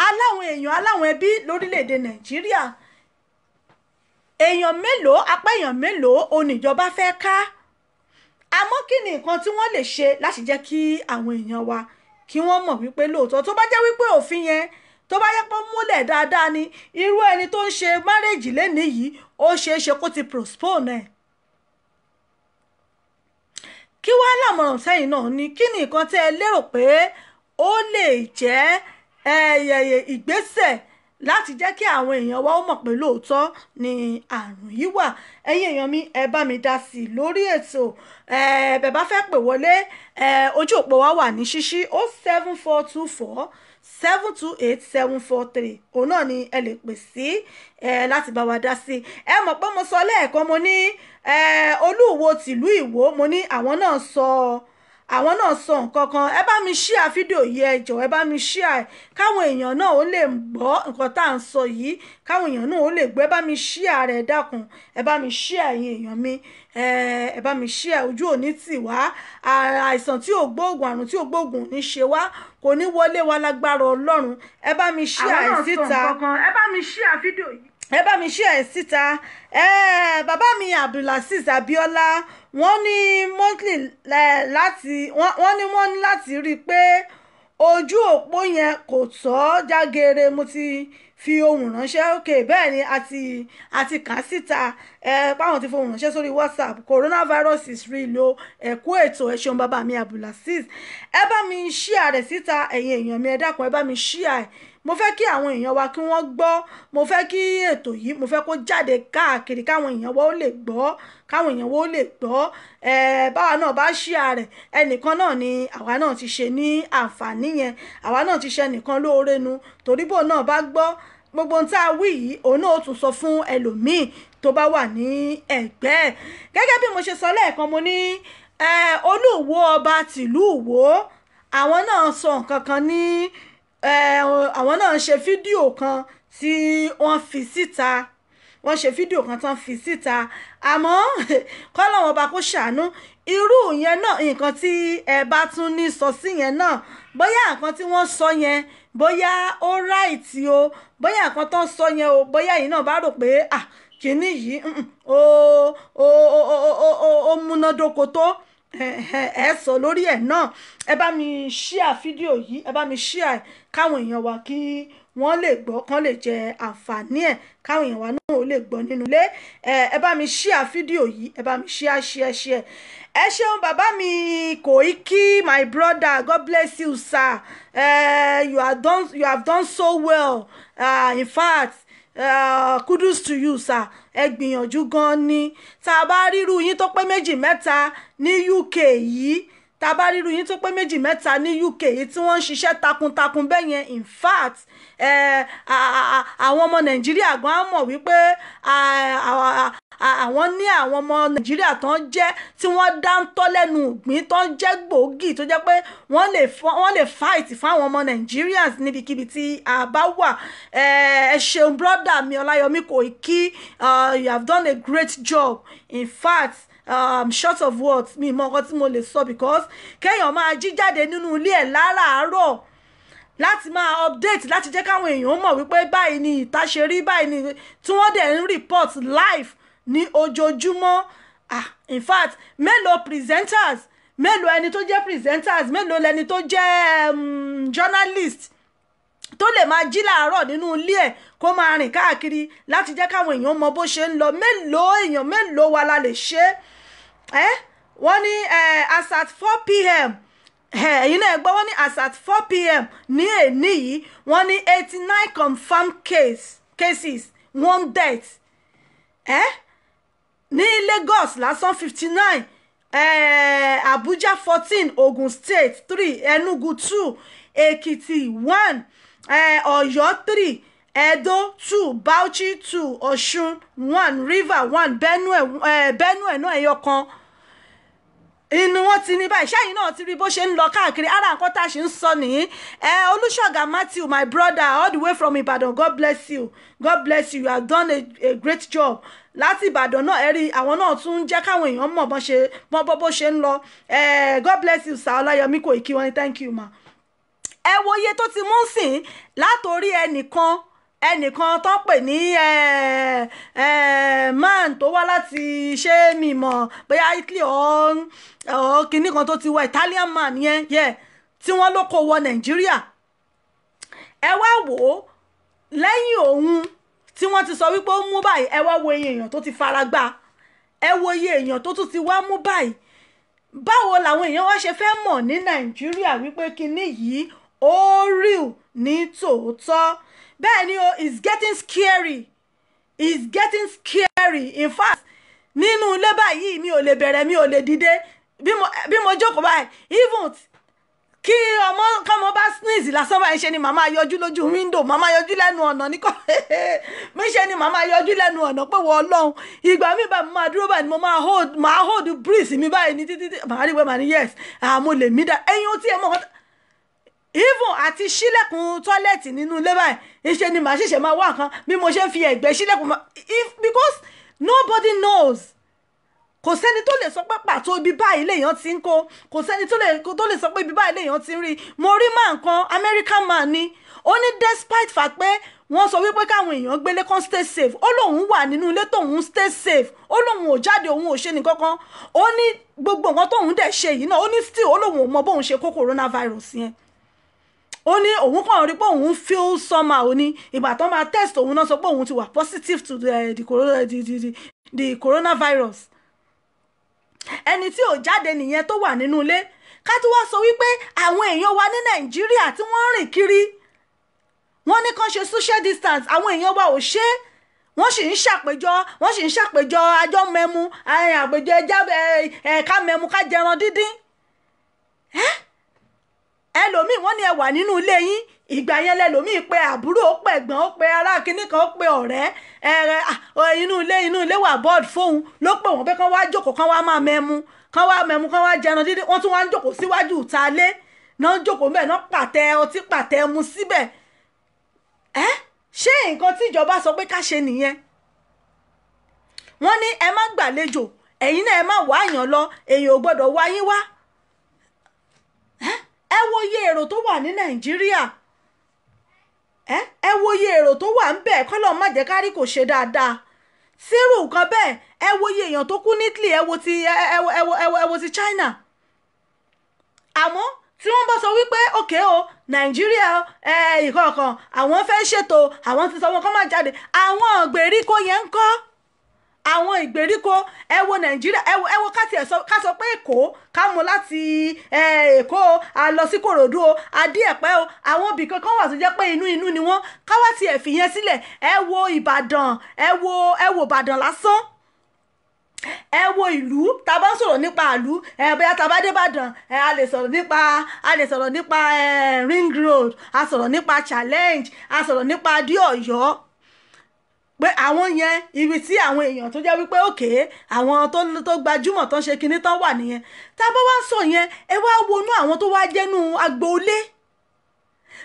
aláwọn èèyàn aláwọn ẹbí lórílẹ̀‐èdè nàìjíríà èèyàn mélòó apá èèyàn mélòó oníjọba fẹ́ ká àmọ́ kí ni nǹkan tí wọ́n lè ṣe láti jẹ́ kí àwọn èèyàn wa kí wọ́n mọ̀ wípé lóòótọ́ tó bá jẹ́ wípé òfin yẹn tó bá yẹ pé múlẹ̀ dáadáa ni irú ẹni tó ń ṣe márèjì lẹ́nìí yìí ó ṣeé ṣe kó ti postpone ẹ̀ kí wàá lámọ̀ràn sẹ́yìn náà ni kí ni nǹkan tẹ́ ẹ lérò pé ó lè jẹ́ ìgbésẹ̀ láti jẹ́ kí àwọn èèyàn wa ó mọ̀ pé lóòótọ́ ni àrùn yìí wà ẹ̀yin èèyàn mi ẹ bá mi dá sí i lórí ètò bẹ́ẹ̀ bá fẹ́ pè wọlé ojú òpó wa wà ní ṣíṣí ó seven four two four seven two eight seven four three òun náà ni ẹ lè pè sí láti bá wa dá sí i ẹ mọ̀ pé mo sọ lẹ́ẹ̀kan mo ní olúwo tìlú Ìwó mo ní àwọn náà sọ ọ́ àwọn náà sọ nǹkan kan ẹ bá mi ṣíà fídíò yìí ẹ jọ̀ọ́ ẹ bá mi ṣíà ẹ káwọn èèyàn náà ó lè gbọ́ nǹkan tá à ń sọ yìí káwọn èèyàn náà ó lè gbọ́ ẹ bá mi ṣíà rẹ dákun ẹ bá mi ṣíà ẹ̀yin èèyàn mi ẹ bá mi ṣíà ojú òní tì wá àìsàn tí ò gbóògùn àrùn tí ò gbóògùn ní ṣe wá kò ní wọlé wa lágbára Ọlọ́run ẹ bá mi ṣíà ẹ síta àwọn náà sọ nǹkan kan ẹ bá mi ṣíà fídíò yìí ẹ bá mi ṣí ẹ síta ẹ bàbá mi abdulaziz abiola wọ́n ní mọ́tìlì láti wọ́n ní wọ́n ní láti rí i pé ojú òpó yẹn kò tọ́ jágere mo ti fi ohun ránṣẹ́ òkè bẹ́ẹ̀ ni àti àti kà síta ẹ páwọn ti fi ohun ránṣẹ́ sórí whatsapp coronavirus is real o ẹ̀kú ètò ẹ ṣeun bàbá mi abdulaziz ẹ bá mi ṣí ààrẹ síta ẹ̀yin èèyàn mi ẹ dákun ẹ bá mi ṣí ààrẹ mo fẹ́ kí àwọn èèyàn wa kí wọ́n gbọ́ mo fẹ́ kí ètò yìí mo fẹ́ kó jáde káàkiri káwọn èèyàn wa ó lè gbọ́ káwọn èèyàn wa ó lè gbọ́ ẹ báwa náà bá ṣíà rẹ̀ ẹnìkan náà ni àwa náà ti ṣe ní àǹfààní yẹn àwa náà ti ṣe ẹnìkan lóore nu toríbò náà bá gbọ́ gbogbo ohun tá a wí yìí òun náà ó tún sọ fún ẹlòmíì tó bá wà ní ẹ̀gbẹ́ ẹ̀ gẹ́gẹ́ bí mo ṣe sọ lẹ́ẹ̀kan mo ní olúwo ọba tìlú Ìwó àwọn náà sọ nǹkan kan ní. Ni àwọn náà ṣe fídíò kan tí wọ́n fi síta wọ́n ṣe fídíò kan tán fi síta àmọ́ kọ́lọ́wọ́n bá kó ṣàánú irú yẹn náà nǹkan tí ẹ bá tún ní sọ sí yẹn náà bóyá nǹkan tí wọ́n sọ yẹn bóyá ó ráìtì o bóyá nǹkan tó ń sọ yẹn o bóyá yìí náà bá rò pé ah kìíní yìí ó ó ó ó ó múnádóko tó ẹ sọ lórí ẹ náà ẹ bá mi ṣíà fídíò yìí ẹ bá mi ṣíà ẹ káwọn èèyàn wa kí wọ́n lè gbọ́ kán lè jẹ àǹfààní ẹ̀ káwọn èèyàn wa náà ó lè gbọ́ nínú ilé ẹ bá mi ṣíà fídíò yìí ẹ bá mi ṣíà ṣíà ṣíà ẹ ṣeun bàbá mi Koiki my brother God bless you sir uh, you, have done, you have done so well uh, in fact uh, kudos to you sir ẹ gbìyànjú gan-an ni tá a bá rírú yín tó pé méjì mẹ́ta ní UK yìí tá a bá ríru yín tó pé méjì mẹ́ta ní UK èyí tí wọ́n ń ṣiṣẹ́ takuntakun bẹ́ẹ̀ yẹn in fact àwọn ọmọ nàìjíríà gan á mọ̀ wípé àwọn ní àwọn ọmọ nàìjíríà tó ń jẹ́ tí wọ́n dáńtọ́ lẹ́nu ìgbín tó ń jẹ́ gbòógì tó jẹ́ pé wọ́n lè fight fáwọn ọmọ nàìjíríàs níbikíbi tí a bá wà ẹ ṣeun brọ́dà mi ọláyọmí kò kí uh, you have done a great job in fact um, short of words mi mọ nǹkan tí mo lè sọ because kéèyàn máa jí jáde nínú ilé ẹ̀ láràárọ̀ láti máa update láti jẹ́ káwọn èèyàn mọ̀ wípé báyìí ni ìta ṣe rí báyìí ni tí wọ́n dẹ̀ ń report live ní ojoojúmọ́ ah in fact mélòó presenters mélòó ẹni tó jẹ́ presenters mélòó lẹni tó jẹ́ um, journalist tó lè máa jí làárọ̀ nínú ilé ẹ̀ kó máa rìn káàkiri láti jẹ́ káwọn èèyàn mọ bó ṣe ń lọ mélòó èèyàn mélòó wa la lè ṣe é wọ́n ní as at four pm ẹ̀yin náà gbọ́ wọ́n ní as at four pm ní èní yìí wọ́n ní eighty confirmed case, cases one death eh? ní Lagos lásán 59 nine eh, Abuja fourteen Ogun State three Enugu two Ekiti one ọ̀yọ́ three edo two bauchi two ọ̀ṣun one River one benue benue náà ẹyọ kan inú wọn ti ní báyìí sẹ́yìn náà ti rí bó ṣe ń lọ káàkiri ara nǹkan tá a ṣe ń sọ nìyí ẹ olùṣọ́gà matthew my brother all the way from ibadan god bless you god bless you you have done a, a great job láti ìbàdàn náà ẹ rí àwọn náà tún ń jẹ́ káwọn èèyàn mọ̀ bọ́n bó ṣe ń lọ god bless you sir ọláyọmí kò kí wọn ni thank you ma ẹ wo iye tó ti mú sìn látòrí ẹnìkan ẹnìkan tó ń pè ní man tó wá láti ṣé mi mọ̀ bóyá Italy ọ̀ kìnnì kan tó ti wá Italian man yẹn yẹn tí wọ́n ló kó wọ Nàìjíríà ẹ wá wò ó lẹ́yìn òun tí wọ́n ti sọ wípé ó mú báyìí ẹ wá wo iye èèyàn tó ti fara gbá ẹ wo iye èèyàn tó tún ti wá mú báyìí báwo làwọn èèyàn wá ṣe fẹ́ mọ̀ ní nàìjíríà wípé kinní yìí ó real ní tòótọ́ bẹ́ẹ̀ ni o it's getting scary Is getting scary in fact nínú ilé báyìí mi ò lè bẹ̀rẹ̀ mi ò lè dìde bí mo jókòó báyìí even kí ọmọ kọ́mọ bá sneeze lásán báyìí ṣe ni màmá yọjú lójú window màmá yọjú lẹ́nu ọ̀nà níkọ́ mi ṣe ni màmá yọjú lẹ́nu ọ̀nà pé wọ́n lọ́hùn ìgbà mi bá mi máa dúró báyìí ni mo máa hold máa hold breeze mi báyìí ní títí màá rí pé màá ní yes àmọ́ lè mí dá ẹ̀yin ó tiẹ̀ mọ̀ ọ́n even àti ṣílẹ̀kùn tọ́lẹ̀tì nínú ilé báyìí ìṣe ni màá ṣẹ̀ṣẹ̀ máa wá nǹkan bí mo ṣe ń fi ẹ̀gbẹ́ ṣílẹ̀kùn because nobody knows kò sẹ́ni tó lè sọ pé pàtó ibi báyìí lèèyàn ti ń kó kò sẹ́ni tó lè sọ pé ibi báyìí lèèyàn ti ń rí mo rí máa nǹkan American man ni ó ní despite fact pé wọ́n sọ wípé káwọn èèyàn gbélé kan stay safe ó lóun wà nínú ilé tóun stay safe ó lóun ò jáde òun ò ṣe nìkankan ó ní gbogbo nǹkan tóun dẹ̀ ṣe yìí náà ó ní still ó lóun ò mọ bóun ṣe kó coronavirus yẹn ó ní òun kàn rí pé òun feel somehow ní ìgbà tó máa test òun náà sọ pé òun ti wà positive to the, the, corona, eh, the, the, the, the coronavirus ẹni tí ò jáde nìyẹn tó wà nínú ilé ká tó wá sọ wípé àwọn èèyàn wa ní nàìjíríà tí wọ́n ń rìn kiri wọ́n ní kàn ṣe social distance àwọn èèyàn wa ò ṣe é wọ́n sì ń ṣàpèjọ wọ́n sì ń ṣàpèjọ ajọ́ mẹ́mu eh, àpèjọ ẹja eh, ká mẹ́mu ká jẹran dídín. Eh? ẹlòmíì wọ́n ní ẹ wà nínú ilé yín ìgbà yẹn lẹlòmíì pé àbúrò ó pẹ̀ ẹ̀gbọ́n ó pẹ̀ ará kínní kan ó pẹ̀ ọ̀rẹ́ ẹ̀rẹ̀ inú ilé inú ilé wà bọ́ọ̀d fóun ló pè wọ́n pé kán wá jókòó kán wá máa mẹ́mu kán wá mẹ́mu kán wá jẹun dídí wọ́n tún wá ń jókòó síwájú ìta lé náà ń jókòó mẹ́ẹ̀ náà pàtẹ ọtí pàtẹ mu síbẹ̀ ẹ́ ṣé nǹkan tí ìjọba sọ pé ká ṣe nìyẹn wọ́n ní ẹ má gbàlejò ẹ̀yin náà ẹ má wá àyàn lọ èèyàn ò gbọ́dọ̀ wá yín wá ẹ wòye èrò tó wà ní nàìjíríà ẹ wòye èrò tó wà ń bẹ̀ kọ́lọ́ má jẹ́ kárí kò ṣe dáadáa sírù nǹkan bẹ́ẹ̀ ẹ wòye èèyàn tó kú ní Italy ẹ wò ti ẹ wò ẹ wò ẹ wò ti China àmọ́ tí wọ́n bá sọ wípé òkè o nàìjíríà ẹ ìkọ̀ọ̀kan àwọn fẹ́ ṣètò àwọn ti sọ wọn kọ́ máa jáde àwọn ìgbèríko yẹn ń kọ́ àwọn ìgbèríko ẹ wo nàìjíríà ẹ wo ká tiẹ̀ sọ ká sọ pé èkó ká mú láti èkó a lọ sí kòròdú o adé ẹ̀pẹ́ o àwọn ibì kankan wà tó jẹ́ pé inú inú ni wọ́n ká wá tiẹ̀ fìyẹn sílẹ̀ ẹ wo ìbàdàn ẹ wo ẹ wo ìbàdàn lásán ẹ ìlú tá a bá ń sọ̀rọ̀ nípa ìlú ẹ bóyá tá a bá dé Ìbàdàn ẹ a lè sọ̀rọ̀ nípa a lè sọ̀rọ̀ nípa ring road a sọ̀rọ̀ nípa challenge a sọ̀rọ̀ nípa adé ọ̀yọ́ pé àwọn yẹn ibi tí àwọn èèyàn tó jẹ́ wípé òkè àwọn tó gbajúmọ̀ tó ń ṣe kinní tán wà nìyẹn tá a bá wá sọ yẹn ẹ wá wọnú àwọn tó wá jẹ́nu agboolé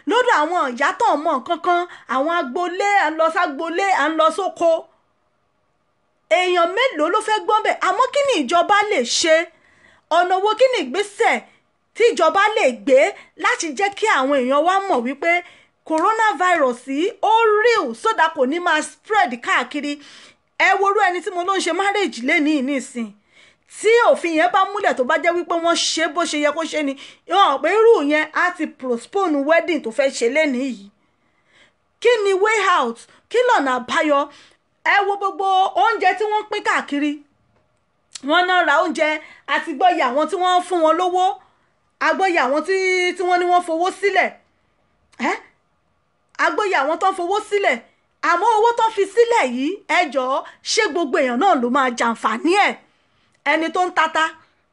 lọ́dọ̀ àwọn ìyá tó mọ̀ kankan àwọn agboolé à ń lọ ságboolé à ń lọ sóko èèyàn mélòó ló fẹ́ gbọ́n bẹ̀ àmọ́ kí ni ìjọba lè ṣe ọ̀nà wo kí ni ìgbésẹ̀ tí ìjọba lè gbé láti jẹ́ kí àwọn èèyàn wa mọ̀ wípé coronavirus yìí ó real sódà kò ní máa spread káàkiri ẹ worú ẹni tí mo ló ń ṣe marriage lénìí nísìn tí òfin yẹn bá múlẹ̀ tó bá jẹ́ wípé wọ́n ṣe bó ṣe yẹ kó ṣe ni ìwọ̀n pé irú yẹn á ti postpone wedding tó fẹ́ ṣe lénìí yìí kí ni way out kí lọ́nà àbáyọ ẹ wo gbogbo oúnjẹ tí wọ́n ń pín káàkiri wọ́n náà ra oúnjẹ àti gbọ́yè àwọn tí wọ́n ń fún wọn lówó agbọ́yè àwọn tí wọ́n ní wọ́n fowó sílẹ̀ ẹ́ eh? agbóye àwọn tó ń fowó sílẹ̀ àmọ́ owó tó fi sílẹ̀ yìí ẹ jọ̀ọ́ ṣé gbogbo èèyàn náà ló máa jàǹfààní ẹ̀ ẹni tó ń tata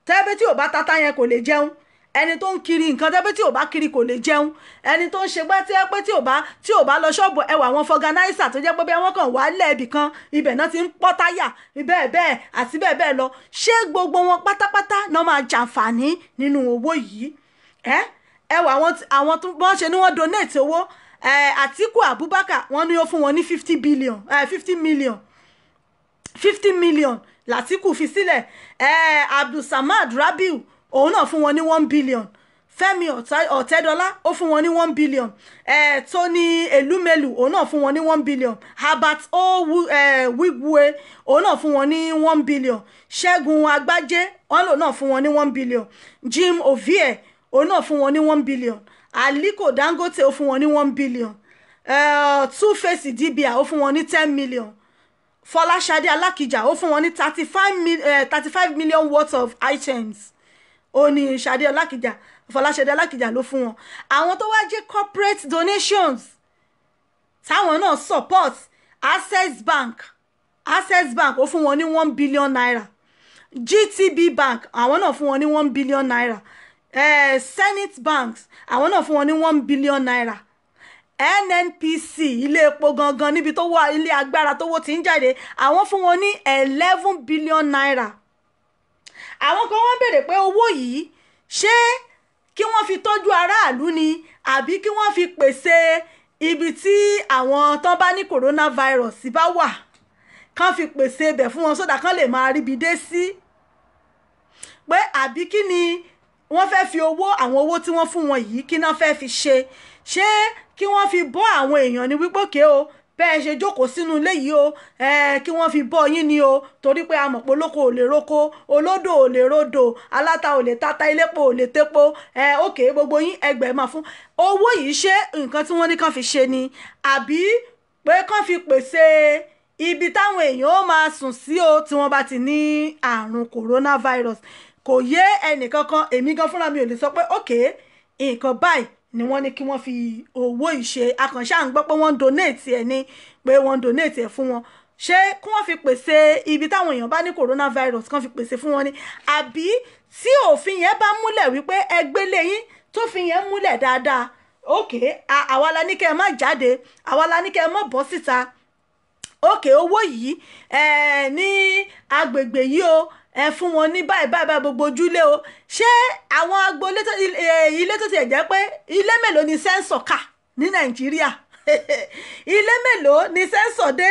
tẹ́bí tí ò bá tata yẹn kò lè jẹun ẹni tó ń kiri nǹkan tẹ́bí tí ò bá kiri kò lè jẹun ẹni tó ń ṣe pé tí ẹ pé tí ò bá tí ò bá lọ ṣọ́ọ̀bù ẹwà àwọn fọganáísà tó jẹ́ pé bí wọ́n kàn wá lẹ́ẹ̀bì kan ibẹ̀ náà ti ń pọ́ táyà bẹ́ẹ̀ bẹ́ẹ̀ àti bẹ́ẹ̀ bẹ́ẹ̀ lọ ṣé gbogbo wọn pátápátá náà máa jàǹfààní nínú owó yìí ẹ ẹwà àwọn tí wọ́n ṣe ni wọ́n donate owó Eh, Atiku Abubakar wọ́n ní ó fún wọn ní fifty billion eh, fifty million fifty million Làtíkù fi sílẹ̀ eh, Abdulsamad Rabiu òun náà fún wọn ní one billion Fẹ́mi Ọ̀tẹ́dọ́lá ó fún wọn ní one billion eh, Tony Elumelu òun náà fún wọn ní one billion Herbert O Wigwe òun náà fún wọn ní one billion Ṣẹ́gun Agbájé òun náà fún wọn ní one billion Jim Ovie òun náà fún wọn ní one billion aliko dangote ó fún wọn ní one billion eh, two face dibia ó fún wọn ní ten million fọláṣadé alákìjà ó fún wọn ní thirty five million eh, thirty five million worth of items ó ní ṣadé alákìjà fọláṣadé alákìjà ló fún wọn àwọn tó wá jẹ́ corporate donations táwọn náà support access bank access bank ó fún wọn ní one billion naira gtb bank àwọn náà fún wọn ní one billion naira Eh, Senate banks àwọn náà fún wọn ní one billion naira nnpc ilé epo gangan níbi tó wà ilé agbára tówó ti ń jáde àwọn fún wọn ní eleven billion naira àwọn kan wọ́n béèrè pé owó yìí ṣé kí wọ́n fi tọ́jú aráàlú ni àbí kí wọ́n fi pèsè ibi tí àwọn tán bá ní coronavirus bá wà kán fi pèsè ibẹ̀ fún wọn sódà kán lè máa ríbi dé sí pé àbí kí ni wọ́n fẹ́ fi owó àwọn owó tí wọ́n fún wọn yìí kí náà fẹ́ fi ṣe ṣé kí wọ́n fi bọ́ àwọn èèyàn ní wípòkè o bẹ́ẹ̀ ṣe jókòó sínú ilé yìí o kí wọ́n fi bọ́ yín ni o torí pé amọ̀pọ̀ olóko ò lè roko olódò ò lè rodò aláta ò lè tata ilépo ò lè tepo òkè gbogbo yín ẹgbẹ́ máa fún owó yìí ṣé nǹkan tí wọ́n ní kàn fi ṣe ni àbí pé kàn fi pèsè ibi táwọn èèyàn ó máa sùn sí o tí wọ́n bá ti ní àrùn coronavirus kò yé ẹnìkankan èmi gan fúnra mi ò lè sọ pé òkè nǹkan báyìí ni wọ́n ní kí wọ́n fi owó ìṣe akànṣe à ń gbọ́ pé wọ́n ń donate ẹ̀ ní pé wọ́n ń donate ẹ̀ fún wọn ṣé kí wọ́n fi pèsè ibi táwọn èèyàn bá ní coronavirus kan fi pèsè fún wọn ni àbí tí òfin yẹn bá múlẹ̀ wípé ẹgbẹ́ lẹ́yìn tófin yẹn múlẹ̀ dáadáa òkè àwa la ní kẹ́ ẹ má jáde àwa la ní kẹ́ ẹ má bọ́ síta òkè owó yìí ní agbègbè yìí o ẹ fún wọn ní báyìí báyìí báyìí gbogbo ojúlé o ṣé àwọn agbo ilé tó tiẹ̀ jẹ́ pé ilé mélòó ni sẹ́ńsọ̀ kà ní nàìjíríà ilé mélòó ni sẹ́ńsọ̀ dé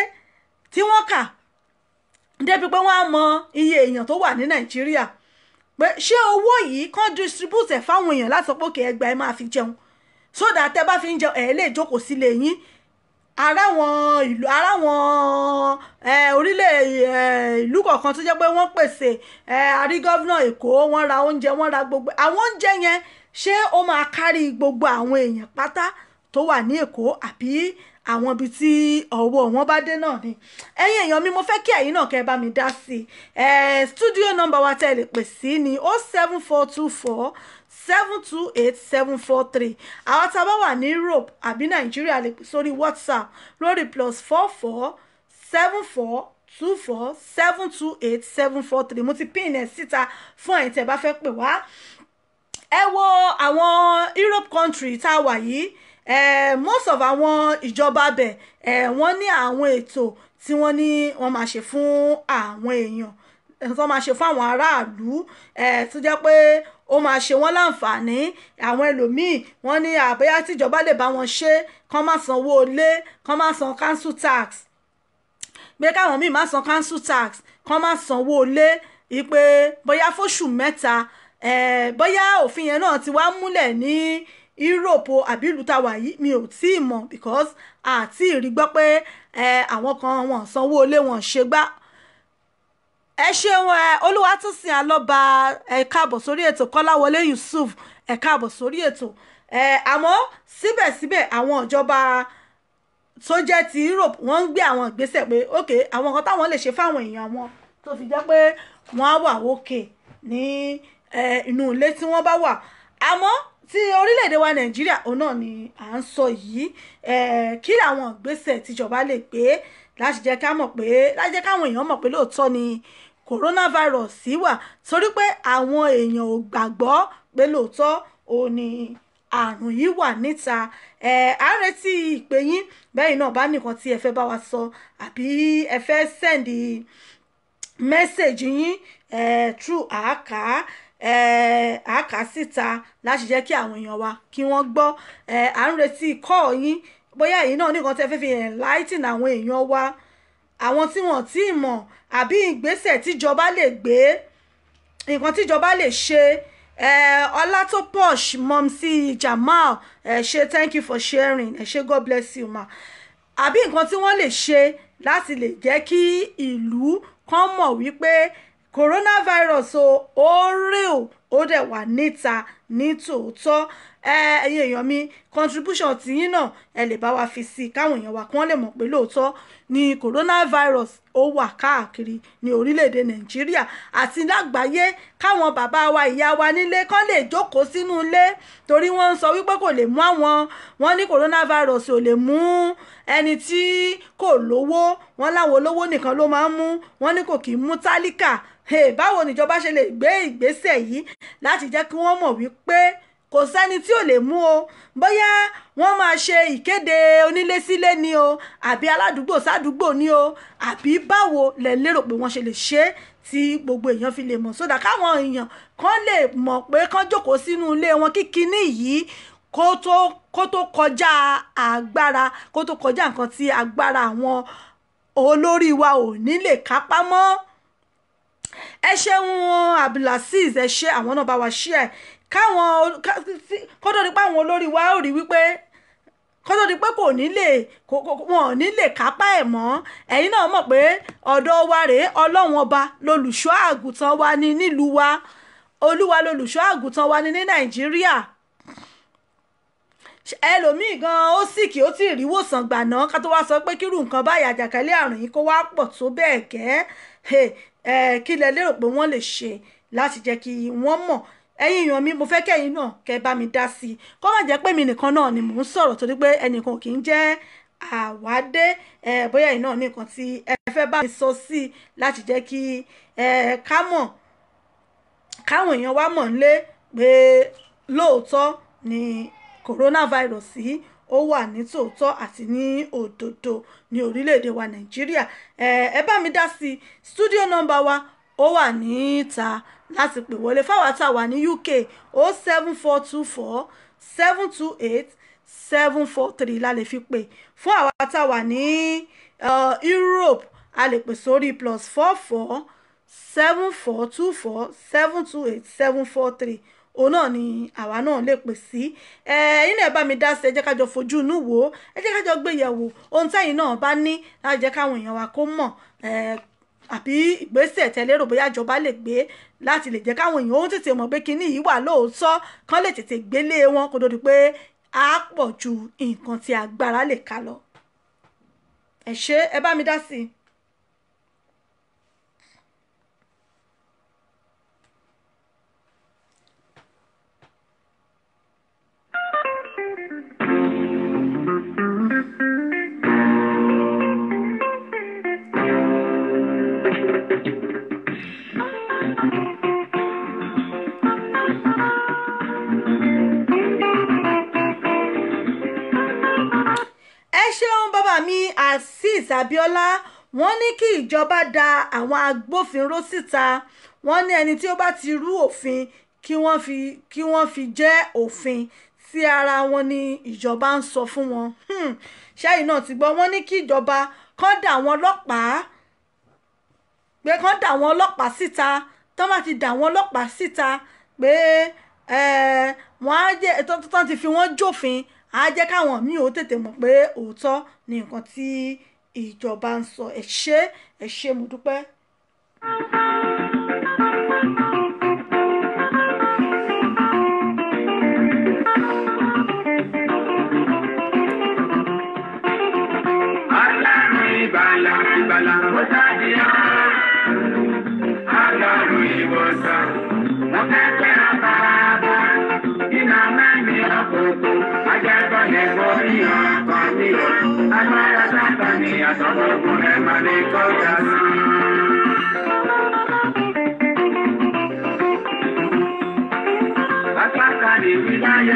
tí wọ́n kà débi pé wọ́n á mọ iye èèyàn tó wà ní nàìjíríà pé ṣé owó yìí kàn distribute ẹ̀ fáwọn èèyàn láti sọ pé òkè ẹgbàá ẹ máa fi jẹun so that tẹ bá fi ń jẹun ẹ̀ lè jókòó sílé yín aráwọn ìlú aráwọn orílẹ̀ ìlú kọ̀ọ̀kan tó jẹ́ pé wọ́n pèsè àrí gọ́vnà èkó wọ́n ra oúnjẹ wọ́n ra gbogbo àwọn oúnjẹ yẹn ṣé ó máa kárí gbogbo àwọn èèyàn pátá tó wà ní èkó àbí àwọn ibi tí ọwọ́ wọn bá dé náà ni ẹ̀yin èèyàn mi mo fẹ́ kí ẹ̀yin náà kẹ́ ẹ bá mi dá sí i studio number wa tẹ́ ẹ lè pè sí ni oh seven four two four seven two eight seven four three àwọn tá a bá wà ní Europe àbí Nàìjíríà lè pè sórí WhatsApp lórí plus four four seven four two four seven two eight seven four three mo ti pín ẹ̀ síta fún ẹ̀yin tẹ́ bá fẹ́ pè wá ẹ wo àwọn Europe country tá a wà yìí eh, most of àwọn ìjọba bẹ̀ eh, wọ́n ní àwọn ètò tí wọ́n ní wọ́n máa ṣe fún àwọn èèyàn tó máa ṣe fún àwọn aráàlú tó jẹ́ pé ó máa ṣe wọ́n láǹfààní àwọn ẹlòmíì wọ́n ní àbẹ́yà tíjọba lè bá wọn ṣe kán má sanwó ilé kán má san council tax pé káwọn míì má san council tax kán má sanwó ilé ìpè bóyá fóṣù mẹ́ta bóyá òfin yẹn náà ti wá múlẹ̀ ní Europe àbí ìlú táwa yìí mi ò tí ì mọ̀ because àti ìrí gbọ́ pé àwọn kan wọn sanwó ilé wọn ṣe gbá ẹ ṣeun ẹ olúwatósìn alọ́ba ẹ káàbọ̀ sórí ètò kọ́láwọlé yusuf ẹ káàbọ̀ sórí ètò ẹ àmọ́ síbẹ̀síbẹ̀ àwọn ìjọba tó jẹ́ ti europe wọ́n ń gbé àwọn ìgbésẹ̀ pé ok àwọn nǹkan táwọn lè ṣe fáwọn èèyàn wọn tó fi jẹ́ pé wọ́n á wà òkè ní inú ilé tí wọ́n bá wà àmọ́ ti orílẹ̀-èdè wa nàìjíríà òun náà ni à ń sọ yìí kí làwọn ìgbésẹ̀ tíjọba lè gbé láti jẹ́ ká mọ̀ pé láti jẹ́ káwọn èèyàn mọ̀ pé lóòótọ́ ni coronavirus ṣì wà torí pé àwọn èèyàn ò gbàgbọ́ pé lóòótọ́ ò ní àrùn yìí wà níta ẹ á retí ìpè náà bá nìkan tí ẹ fẹ́ bá wa sọ àbí ẹ fẹ́ sẹ́ndì mẹ́sẹ̀gì yín ẹ through àáká ẹ àáká síta láti jẹ́ kí àwọn èèyàn wa kí wọ́n gbọ́ ẹ à ń retí kọ́ọ̀ yín bóyá èyí náà nìkan tí ẹ fẹ́ fi enlighten àwọn èèyàn wa àwọn tí wọ́n ti mọ̀ àbí ìgbésẹ̀ tíjọba lè gbé nǹkan tíjọba lè ṣe ọlátọ́pọ̀ṣ mọ̀mísí Jamal ẹ ṣé thank you for sharing ẹ ṣé God bless you ma àbí nǹkan tí wọ́n lè ṣe láti lè jẹ́ kí ìlú kan mọ̀ wípé coronavirus o ó real ó dẹ̀ wà níta ní tòótọ́ ẹ̀yin èèyàn mi contribution tìyín náà ẹ lè bá wa fi sí i káwọn èèyàn wa kí wọ́n lè mọ̀ pé lóòótọ́ ni coronavirus ó wà káàkiri ní orílẹ̀-èdè nàìjíríà àti lágbàáyé káwọn bàbá wa ìyá wa nílé kán lè jókòó sínú ilé torí wọ́n ń sọ wípé kò lè mú àwọn wọ́n ní coronavirus ò lè mú ẹni tí kò lówó wọ́n láwọn olówó nìkan ló máa ń mú wọ́n ní kò kì í mú tálíkà báwo níjọba ṣe lè gbé ìgbésẹ̀ yìí láti jẹ́ kí wọ́n mọ̀ wípé kò sẹ́ni tí ò lè mú o bóyá wọ́n máa ṣe ìkéde onílé sílé ni o àbí aládùúgbò sádùúgbò ni o àbí báwo lẹ lérò pé wọ́n ṣe lè ṣe é tí gbogbo èèyàn fi lè mọ̀ sódà káwọn èèyàn kan lè mọ̀ pé kán jókòó sínú ilé wọn kí kinní yìí kó tó kó tó kọjá agbára kó tó kọjá nǹkan tí agbára àwọn olórí wa ò ní lè kápá mọ́ ẹ ṣeun abdulaziz ẹ ṣe àwọn náà bá wa ṣí ẹ káwọn kótó ní pé àwọn olórí wa ò rí wípé kótó ní pé kò ní lè wọn ò ní lè kápá ẹ̀ mọ́ ẹ̀yin náà mọ̀ pé ọ̀dọ̀ wa rèé ọlọ́run ọba lolùṣọ́ àgùntàn wa ni nílùú wa olúwa lolùṣọ́ àgùntàn wa ni ní nàìjíríà ẹlòmíì gan ó sì kí ó ti rí ìwòsàn gbà náà ká tó wá sọ pé kírú nǹkan báyìí àjàkálẹ̀ àrùn yìí kó wá pọ̀ tó bẹ́ẹ̀ gẹ́ kí lẹ lérò pé wọ́n lè ṣe láti jẹ́ kí wọ́n mọ̀ ẹ̀yin èèyàn mi mo fẹ́ kẹ́yìn náà kẹ́ bá mi dá sí i kó má jẹ́ pé mi nìkan náà ni mò ń sọ̀rọ̀ torí pé ẹnìkan kì í jẹ́ àwádé bóyá ẹ̀yin náà ní nǹkan tí ẹ fẹ́ bá mi sọ sí i láti jẹ́ kí ká mọ̀ káwọn èèyàn wá mọ̀ ń lé pé lóòótọ́ ni coronavirus yìí ó wà ní tòótọ́ àti ní òdodo ní orílẹ̀-èdè wa nàìjíríà ẹ bá mi dá sí i studio nọ́mbà wa ó wà níta láti pè wọlé fáwa wà ní uk ó seven four two four seven two eight seven four three la lè fi pè fún àwa wà ní europe a lè pè sórí plus four four seven four two four seven two eight seven four three òun náà ni àwa náà lè pè sí ẹ ẹ̀yin náà bá mi dá sí ẹ jẹ́ kájọ fojú inú wò ó ẹ jẹ́ kájọ gbéyẹ̀wò ohun tẹ́yin náà bá ní láti jẹ́ káwọn èèyàn wa kó mọ̀ àbí ìgbésẹ̀ tẹ́lérò bóyá ìjọba lè gbé láti lè jẹ́ káwọn èèyàn ó tètè mọ̀ pé kinní yìí wà lóòótọ́ kán lè tètè gbélé wọn kó tó di pé á pọ̀ ju nǹkan tí agbára lè ká lọ ẹ ṣé ẹ bá mi dá sí i. màmí azeez abiola wọ́n ní kí ìjọba da àwọn agbófinró síta wọ́n ní ẹni tí ó bá ti rú òfin kí wọ́n fi jẹ́ òfin sí ara wọn ni ìjọba ń sọ fún wọn hmm. ṣẹ́yìn náà ti gbọ́ wọ́n ní kí ìjọba kán dà àwọn ọlọ́pàá pé kán dà àwọn ọlọ́pàá síta tán bá ti dà àwọn ọlọ́pàá síta pé wọ́n á jẹ́ tó ti fi wọ́n jófin á jẹ́ káwọn míì ó tètè mọ̀ pé òótọ́ ni nǹkan tí ìjọba ń sọ ẹ ṣé ẹ ṣé mo dúpẹ́. ìbàlà María, María, Amara Santa Mía, todo una manico Apata ni vida ye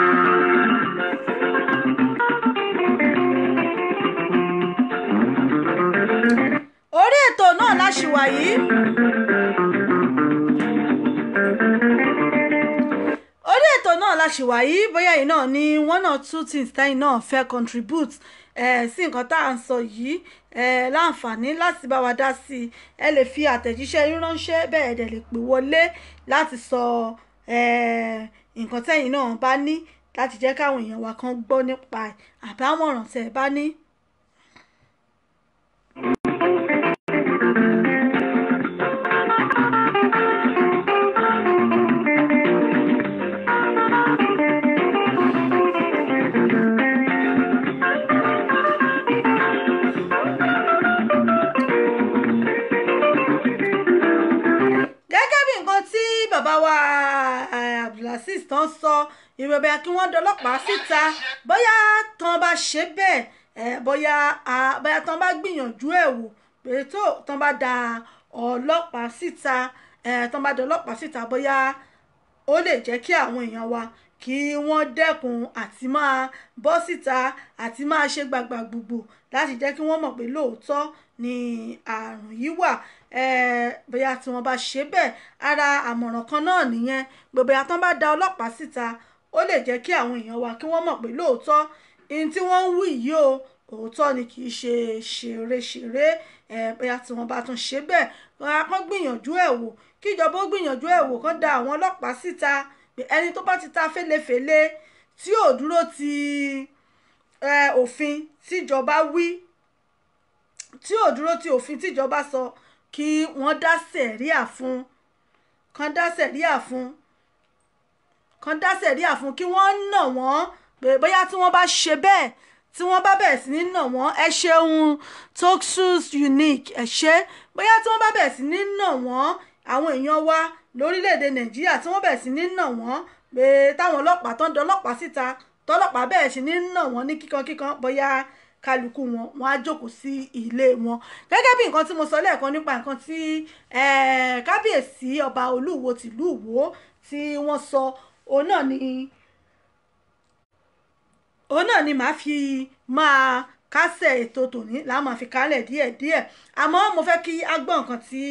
orí ètò náà la ṣì wà yìí. orí ètò náà la ṣì wà yìí bóyá yìí náà ni one or two things tẹ́yìn náà fẹ́ contribute sí nǹkan tá à ń sọ yìí láǹfààní láti bá wa dá sí i ẹ lè fi àtẹ̀jíṣẹ́ yín ránṣẹ́ bẹ́ẹ̀ dẹ̀ lè pè wọlé láti sọ nǹkan tẹ́yìn náà bá ní láti jẹ́ káwọn èèyàn wa kan gbọ́ nípa àbámọ̀ràn tẹ́ ẹ bá ní. tán sọ ìrọ̀bẹ̀ kí wọ́n dọlọ́pàá síta bóyá tán bá ṣe bẹ́ẹ̀ bóyá bóyá tán bá gbìyànjú ẹ̀ wò pé tó tán bá da ọlọ́pàá síta tán bá dọlọ́pàá síta bóyá ó lè jẹ́ kí àwọn èèyàn wa kí wọ́n dẹ́kun àti máa bọ́ síta àti máa ṣe gbàgbà gbogbo láti jẹ́ kí wọ́n mọ̀ pé lóòótọ́ ni àrùn yìí wà bóyá tí wọ́n bá ṣe bẹ́ẹ̀ ara àmọ̀ràn kan náà nìyẹn gbogbo àtọ́ bá da ọlọ́pàá síta ó lè jẹ́ kí àwọn èèyàn wa kí wọ́n mọ̀ pé lóòótọ́ ihun tí wọ́n ń wí yìí o òótọ́ ni kì í ṣe ṣeré-ṣeré bóyá tí wọ́n bá tún ṣe bẹ́ẹ̀ kán gbìyànjú ẹ̀ wò kíjọba ó gbìyànjú ẹ̀ wò kán da àwọn ọlọ́pàá síta ẹni tó bá ti ta fẹ́lẹ́fẹ́lẹ́ tí ò dúró ti òfin tíjọba wí tí ò dúró ti òfin tíjọba sọ so, kí wọ́n dá sẹ̀ríà fún kán dá sẹ̀ríà fún kán dá sẹ̀ríà fún kí wọ́n nà wọ́n pé bóyá tí wọ́n bá ṣe bẹ́ẹ̀ tí wọ́n bá bẹ̀rẹ̀ sí ní nà wọ́n ẹ ṣeun toxus unique ẹ ṣe bóyá tí wọ́n bá bẹ̀rẹ̀ sí ní nà wọ́n àwọn èèyàn wa lórílẹ̀‐èdè nàìjíríà tí wọ́n bẹ̀rẹ̀ sí ní nà wọ́n pé táwọn ọlọ́pàá tó ń dọlọ́pàá síta tọ́lọ́pàá bẹ̀rẹ̀ sí ní nà wọ́n ní kíkankíkan bóyá kálukú wọn wọn á jókòó sí ilé wọn gẹ́gẹ́ bí nǹkan tí mo sọ lẹ́ẹ̀kan nípa nǹkan tí kábíyèsí ọba olúwo tìlú Ìwó tí wọ́n sọ òun náà ni òun náà ni màá fi máa kásẹ̀ ètò tòní làá máa fi kálẹ̀ díẹ̀díẹ̀ àmọ́ mo fẹ́ kí a gbọ́ nǹkan tí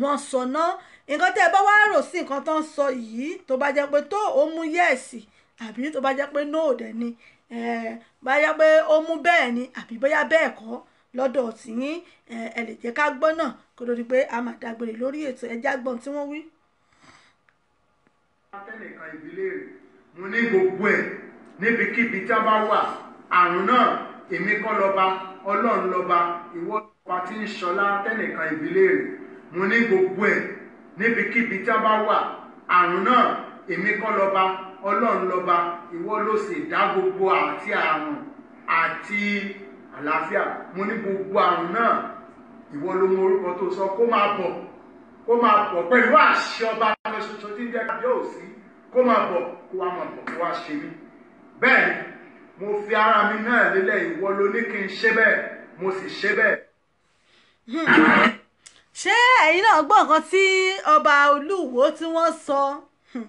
wọ́n sọ náà nǹkan tẹ́ ẹ bá wá rò sí nǹkan tó ń sọ yìí tó bá jẹ́ pé tó ó mú yẹ́ẹ̀sì àbí tó bá jẹ́ pé nóòdẹ̀ ni báyá pé ó mú bẹ́ẹ̀ ni àbí bóyá bẹ́ẹ̀ kọ́ lọ́dọ̀ tìyín ẹ lè jẹ́ ká gbọ́ náà kó lórí pé a máa dágbére lórí ètò ẹja gbọ́n tí wọ́n wí. mo ní gbogbo ẹ̀ níbikíbi tí a bá wà àrùn náà èmi kọ́ lọ́ba ọlọ́run lọ́ba ìwọ ọba tí ń ṣọlá atẹ́nìkan ìbílẹ̀ rẹ̀ mo ní gbogbo ẹ̀ níbikíbi tí a bá wà àrùn náà èmi kọ́ lọ́ba ọlọ́run lọ́ba ìwọ ló sì dá gbogbo àti àrùn àti àlàáfíà mo ní gbogbo àrùn náà ìwọ ló mú orúkọ tó sọ kó máa bọ̀ kó máa bọ̀ pẹ̀lú àṣẹ ọba àwọn ṣoṣo tí ń jẹ́ kábíyà ò sí kó máa bọ̀ kó wá máa bọ̀ kó wá ṣe mí bẹ́ẹ̀ ni mo fi ara mi náà lélẹ̀ ìwọ ló ní kí n ṣe bẹ́ẹ̀ mo sì ṣe bẹ́ẹ̀ hmm. ṣé ẹ̀yin náà gbọ́ nǹkan tí ọba olúwo tí wọ́n sọ hmm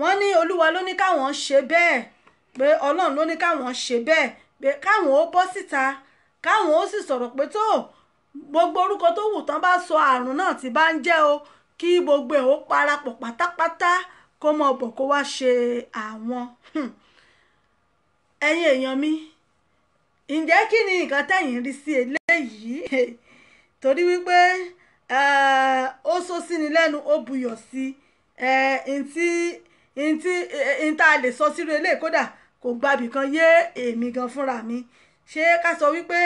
wọ́n ní olúwa ló ní káwọn ṣe bẹ́ẹ̀ pé ọlọ́run ló ní káwọn ṣe bẹ́ẹ̀ pé káwọn ó bọ́ síta káwọn ó sì sọ̀rọ̀ pé tó gbogbo orúkọ tó wù tán bá sọ àrùn náà ti bá ń jẹ́ o kí gbogbo ẹ̀ ó parapọ̀ pátápátá kó mọ bọ̀ kó wá ṣe àwọn. Hmm. ẹ̀yin èèyàn mi ǹjẹ́ kí ni nǹkan tẹ̀yìn rí sí eléyìí torí wípé ó sọ sí ni lẹ́nu ó buyọ̀ sí ẹ̀ ǹtí n tá a lè sọ sírú eléyìí kódà kò gbàbì kan yé èmi gan fúnra mi ṣé ká sọ wípé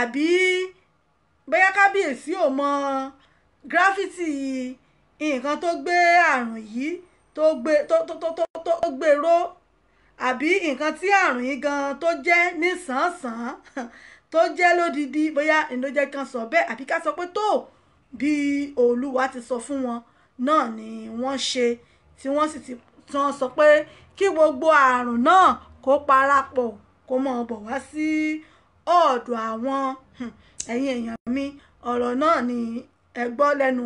àbí bóyá kábíyèsí ò mọ gíráfìtì nǹkan tó gbé àrùn yìí tó gbé tó tó tó tó gbé ró àbí nǹkan tí àrùn yìí gan tó jẹ́ nísànsàn tó jẹ́ lódìdí bóyá ló jẹ́ kan sọ bẹ́ẹ̀ àbí ká sọ pé tó bí olúwa ti sọ fún wọn náà ni wọ́n ṣe tí wọ́n sì ti tán sọ pé kí gbogbo àrùn náà kó parapọ̀ kó mọ̀ bọ̀ wá sí ọ̀dọ̀ àwọn hmm, ẹ̀yin èèyàn mi ọ̀rọ̀ náà ni ẹ gbọ́ lẹ́nu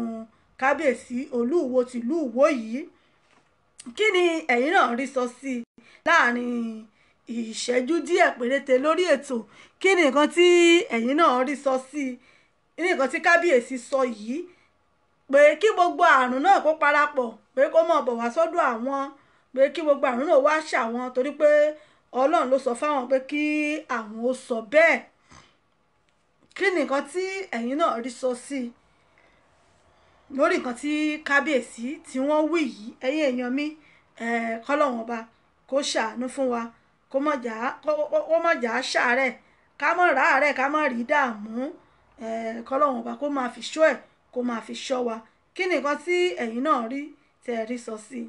kábíyèsí olúwo tìlú Ìwó yìí kí ni ẹ̀yin náà rí sọ sí i láàrin ìṣẹ́jú díẹ̀ péréte lórí ètò kí ni nǹkan tí ẹ̀yin náà rí sọ sí i nǹkan tí kábíyèsí sọ yìí pé kí gbogbo àrùn náà kó parapọ̀ pé kó mọ̀ bọ̀ wá sọ́dọ̀ àwọn pé kí gbogbo àrùn náà wá ṣàwọn torí pé ọlọ́run ló sọ fáwọn pé kí àwọn ó sọ bẹ́ẹ̀ kí ni nǹkan tí ẹ̀yin náà rí sọ sí lórí nǹkan tí kábíyèsí tí wọ́n wí yìí ẹ̀yin èèyàn mi kọ́lọ́wọ́n ọba kó ṣàánú fún wa kó mọ̀ jà á ṣàárẹ̀ ká mọ̀ ràárẹ̀ ká mọ̀ rí dààmú kọ́lọ́wọ́n ọba kó máa fi ṣó ẹ̀ kó máa fi ṣọ́ wa kí ni nǹkan tí ẹ̀yin náà rí tẹ́ ẹ rí sọ sí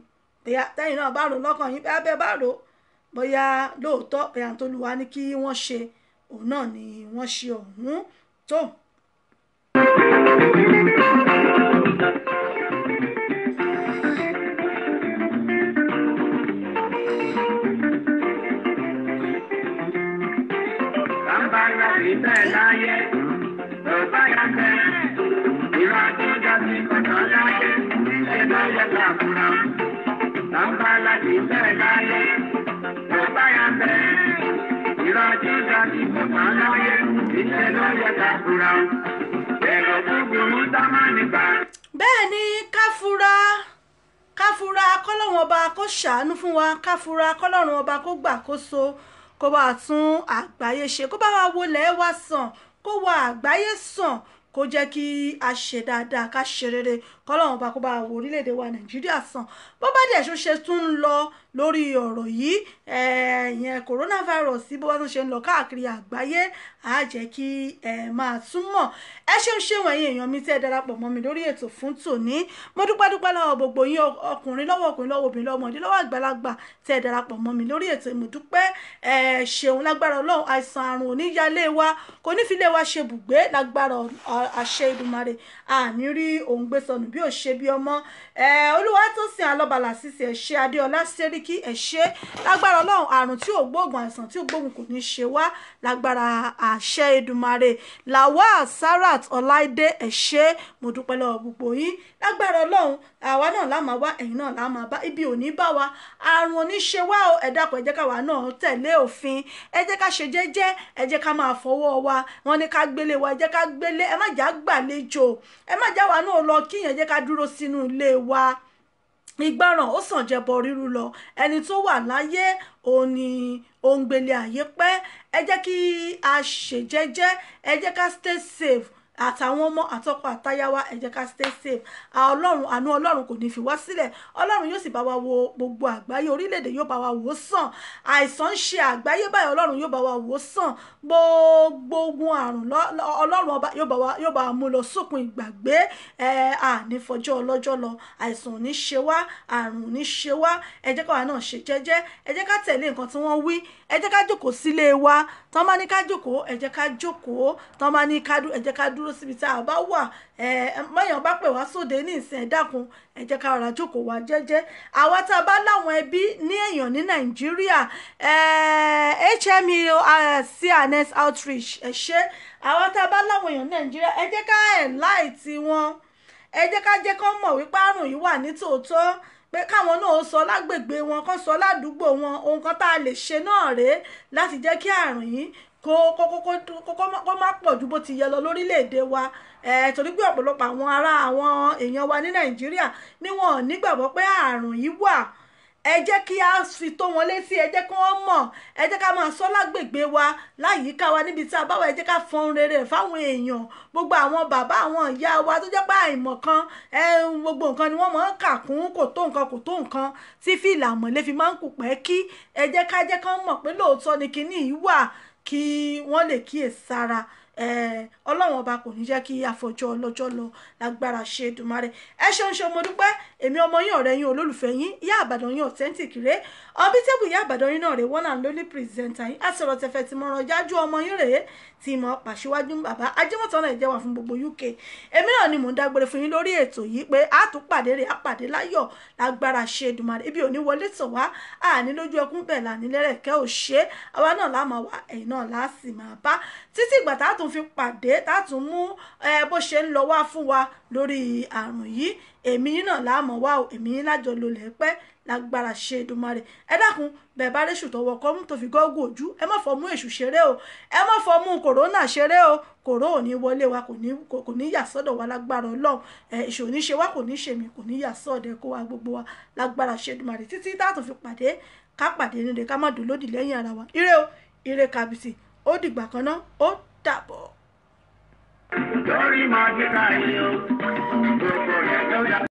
bóyá tẹ́yin náà bá rò lọ́kàn yín bóyá bẹ́ẹ̀ bá rò bóyá lóòótọ́ bóyá tó lu wa ní kí wọ́n ṣe òun náà ni wọ́n ṣe ọ̀hún tó. ìrọ̀jú dání bàbá láyé iṣẹ́ ló yẹ ká fura ẹ̀rọ gbogbo tá má nípa. bẹ́ẹ̀ ni ká fura ká fura kọ́lọ́run ọba kó ṣàánú fún wa ká fura kọ́lọ́run ọba kó gbàkóso kó bá a tún àgbáyé ṣe kó bá wa wọlé wa sàn kó wa àgbáyé sàn kó jẹ́ kí a ṣe dáadáa ká ṣe rere kọ́lọ́run bá kó bá wo orílẹ̀-èdè wa nàìjíríà sàn bó bá dẹ̀ ṣó ṣe tún ń lọ lórí ọ̀rọ̀ yìí ìyẹn coronavirus bó bá tún ṣe ń lọ káàkiri àgbáyé á jẹ́ kí ẹ máa túmọ̀ ẹ ṣeun ṣeun ẹ̀yin èèyàn mi tẹ́ ẹ darapọ̀ mọ́ mi lórí ètò fún tòní mo dúpẹ́ dúpẹ́ lọ́wọ́ gbogbo yín ọkùnrin lọ́wọ́ ọkùnrin lọ́wọ́ obìnrin lọ́wọ́ ọmọdé lọ́wọ́ àgbàlagbà tẹ́ ẹ darapọ̀ mọ́ mi lórí ètò ìmùdúpẹ́ ẹ ṣeun lágbára ọlọ́run àìsàn àrùn oníyalé wa kò ní lé wa ṣe bùgbé lágbára àṣẹ Èdùmàrè àní rí òun bí bí ò ṣe bí ọmọ olúwatósìn alọ́balà sísè ẹ̀ṣẹ́ adéọlá sẹ́ríkì ẹ̀ṣẹ́ lágbára ọlọ́run àrùn tí ò gbóògùn àìsàn tí ò gbóògùn kò ní ṣe wá lágbára àṣẹ Èdùmàrè làwa sarat ọláìdé ẹ̀ṣẹ́ mo dúpẹ́ lọ́wọ́ gbogbo yín lágbára ọlọ́run àwa náà la máa wá ẹ̀yin náà la máa bá ibi ò ní bá wa àrùn oníṣe wá o ẹ dákun ẹ jẹ́ káwa náà tẹ̀lé òfin ẹ jẹ́ ká ṣe jẹ́jẹ́ ẹ jẹ́ ká máa fọwọ́ wa wọn ní ká gbélé wa ẹ jẹ́ ká gbélé ẹ má jà gbàlejò ẹ má jà wa náà lọ kíyàn ẹ jẹ́ ká dúró sínú ilé wa ìgbọràn ó sàn jẹbọ ríru lọ ẹni tó wà láyé òun ni òun gbélé àyè pẹ́ ẹ jẹ́ kí a ṣèjẹ́jẹ́ ẹ jẹ́ ká stay safe àtàwọn ọmọ àtọkọ àtaya wa ẹ jẹ́ ká stay safe ọlọ́run àánú ọlọ́run kò ní fi wá sílẹ̀ ọlọ́run yóò sì bá wa wo gbogbo àgbáyé orílẹ̀-èdè yóò bá wa wò sàn àìsàn ń ṣe àgbáyé báyìí ọlọ́run yóò bá wa wò sàn gbogbo ogun àrùn ọlọ́run ọba yóò bá wa mú lọ sókun ìgbàgbé ẹ àní fọjọ́ ọlọ́jọ́ lọ àìsàn ò ní ṣe wá àrùn ò ní ṣe wá ẹ jẹ́ káwa náà ṣe jẹ́jẹ́ ẹ jẹ́ ká tẹ̀lé nǹkan tí wọ́n wí ẹ jẹ́ ká jókòó sílé wa tán bá ní ká jókòó ẹ jẹ́ ká jókòó tán bá ní ká dúró ẹ ká dúró dúró síbi tá a bá wà mọ̀yàn bá pè wá sóde ní ìsìn ẹ̀dákun ẹ ká rárá jókòó wá jẹ́jẹ́ àwa tá a bá láwọn ẹbí ní èèyàn ní nàìjíríà hmeo cns outreach ẹ ṣe àwa tá a bá láwọn èèyàn ní nàìjíríà ẹ jẹ́ ká ẹ̀ láì tí wọ́n ẹ jẹ́ ká jẹ́ kán mọ̀ wípé àrùn yìí wà nítòótọ́ pé káwọn náà sọ lágbègbè wọn kán sọ ládùúgbò wọn ohun kan tá a lè ṣe náà rèé láti jẹ́ kí àrùn yìí kó kó kó kó má pọ̀ ju bó ti yẹ lọ lórílẹ̀‐èdè wa torí pé ọ̀pọ̀lọpọ̀ àwọn ará àwọn èèyàn wa ní nàìjíríà ni wọn ò nígbàgbọ́ pé àrùn yìí wà ẹ jẹ́ kí a fi tó wọn létí ẹ jẹ́ kí wọ́n mọ̀ ẹ jẹ́ ká máa sọ lágbègbè wa láyìíká wa níbi tí a bá wà ẹ jẹ́ ká fọn rere fáwọn èèyàn gbogbo àwọn bàbá àwọn ìyá wa tó jẹ́ pé àìmọ̀ kan gbogbo nǹkan ni wọ́n máa ń kà kún kò tó nǹkan kò tó nǹkan tí fìlà mọ̀lẹ́ fi máa ń kù pẹ́ kí ẹ jẹ́ ká jẹ́ kán mọ̀ pé lóòótọ́ ni kinní yìí wà kí wọ́n lè kíyèsí sára ọlọ́run ọba kò ní jẹ́ kí àfọjọ́ ọlọ́jọ́ lọ lágbára ṣe dùmarè ẹ ṣeun ṣe mo dúpẹ́ èmi ọmọ yín ọ̀rẹ́ yín olólùfẹ́ yín ìyá àbàdàn yín authentic rèé ọbítẹ́bù ìyá àbàdàn yín náà rèé one and only presenter yín àsọ̀rọ̀ tẹ̀fẹ̀ tí mo ràn jájú ọmọ yín rèé tí mo pàṣíwájú bàbá ajẹ́mọ̀tọ́ náà jẹ́ wà fún gbogbo uk èmi náà ni mò ń dágbére fún yín lórí ètò yìí pé a tún pàdé rèé a pàdé láyọ̀ lágbára ṣe Èdùmàrè ibi òní wọlé tọ̀ wá àní lójú ẹkún bẹ́ẹ̀ là nílẹ̀rẹ̀kẹ́ ò ṣe àwa náà lá máa wá ẹ̀yìn náà lá sì máa bá títí ìgbà tá a tún fi pàdé tá a tún mú bó ṣe ń lọ wá fún wa lórí àrùn yìí èmi náà lá mọ̀ wá èmi lájọ lolẹ̀ pẹ́ lágbára ṣe Èdùmàrè ẹ dákun bẹ́ẹ̀ bá réṣù tọwọ́ kọ́ mú tòfi gọ́gùn ojú ẹ má fọ́ mú èṣù ṣeré o ẹ má fọ́ mú kòrónà ṣeré o kòró ò ní wọlé wa kò ní yà sọ́dọ̀ wa lágbára ọlọ́run èṣù ò ní ṣe wa kò ní ṣe kò ní yà sọ́dọ̀ kó wa gbogbo wa lágbára ṣe Èdùmàrè títí táàtò fi pàdé ká pàdé nílé ká má dùn lódì lẹ́yìn ara wa ire o ire kàbìtì ó dìgbà kan náà ó dàbọ̀. o gbogbo rẹ̀ ló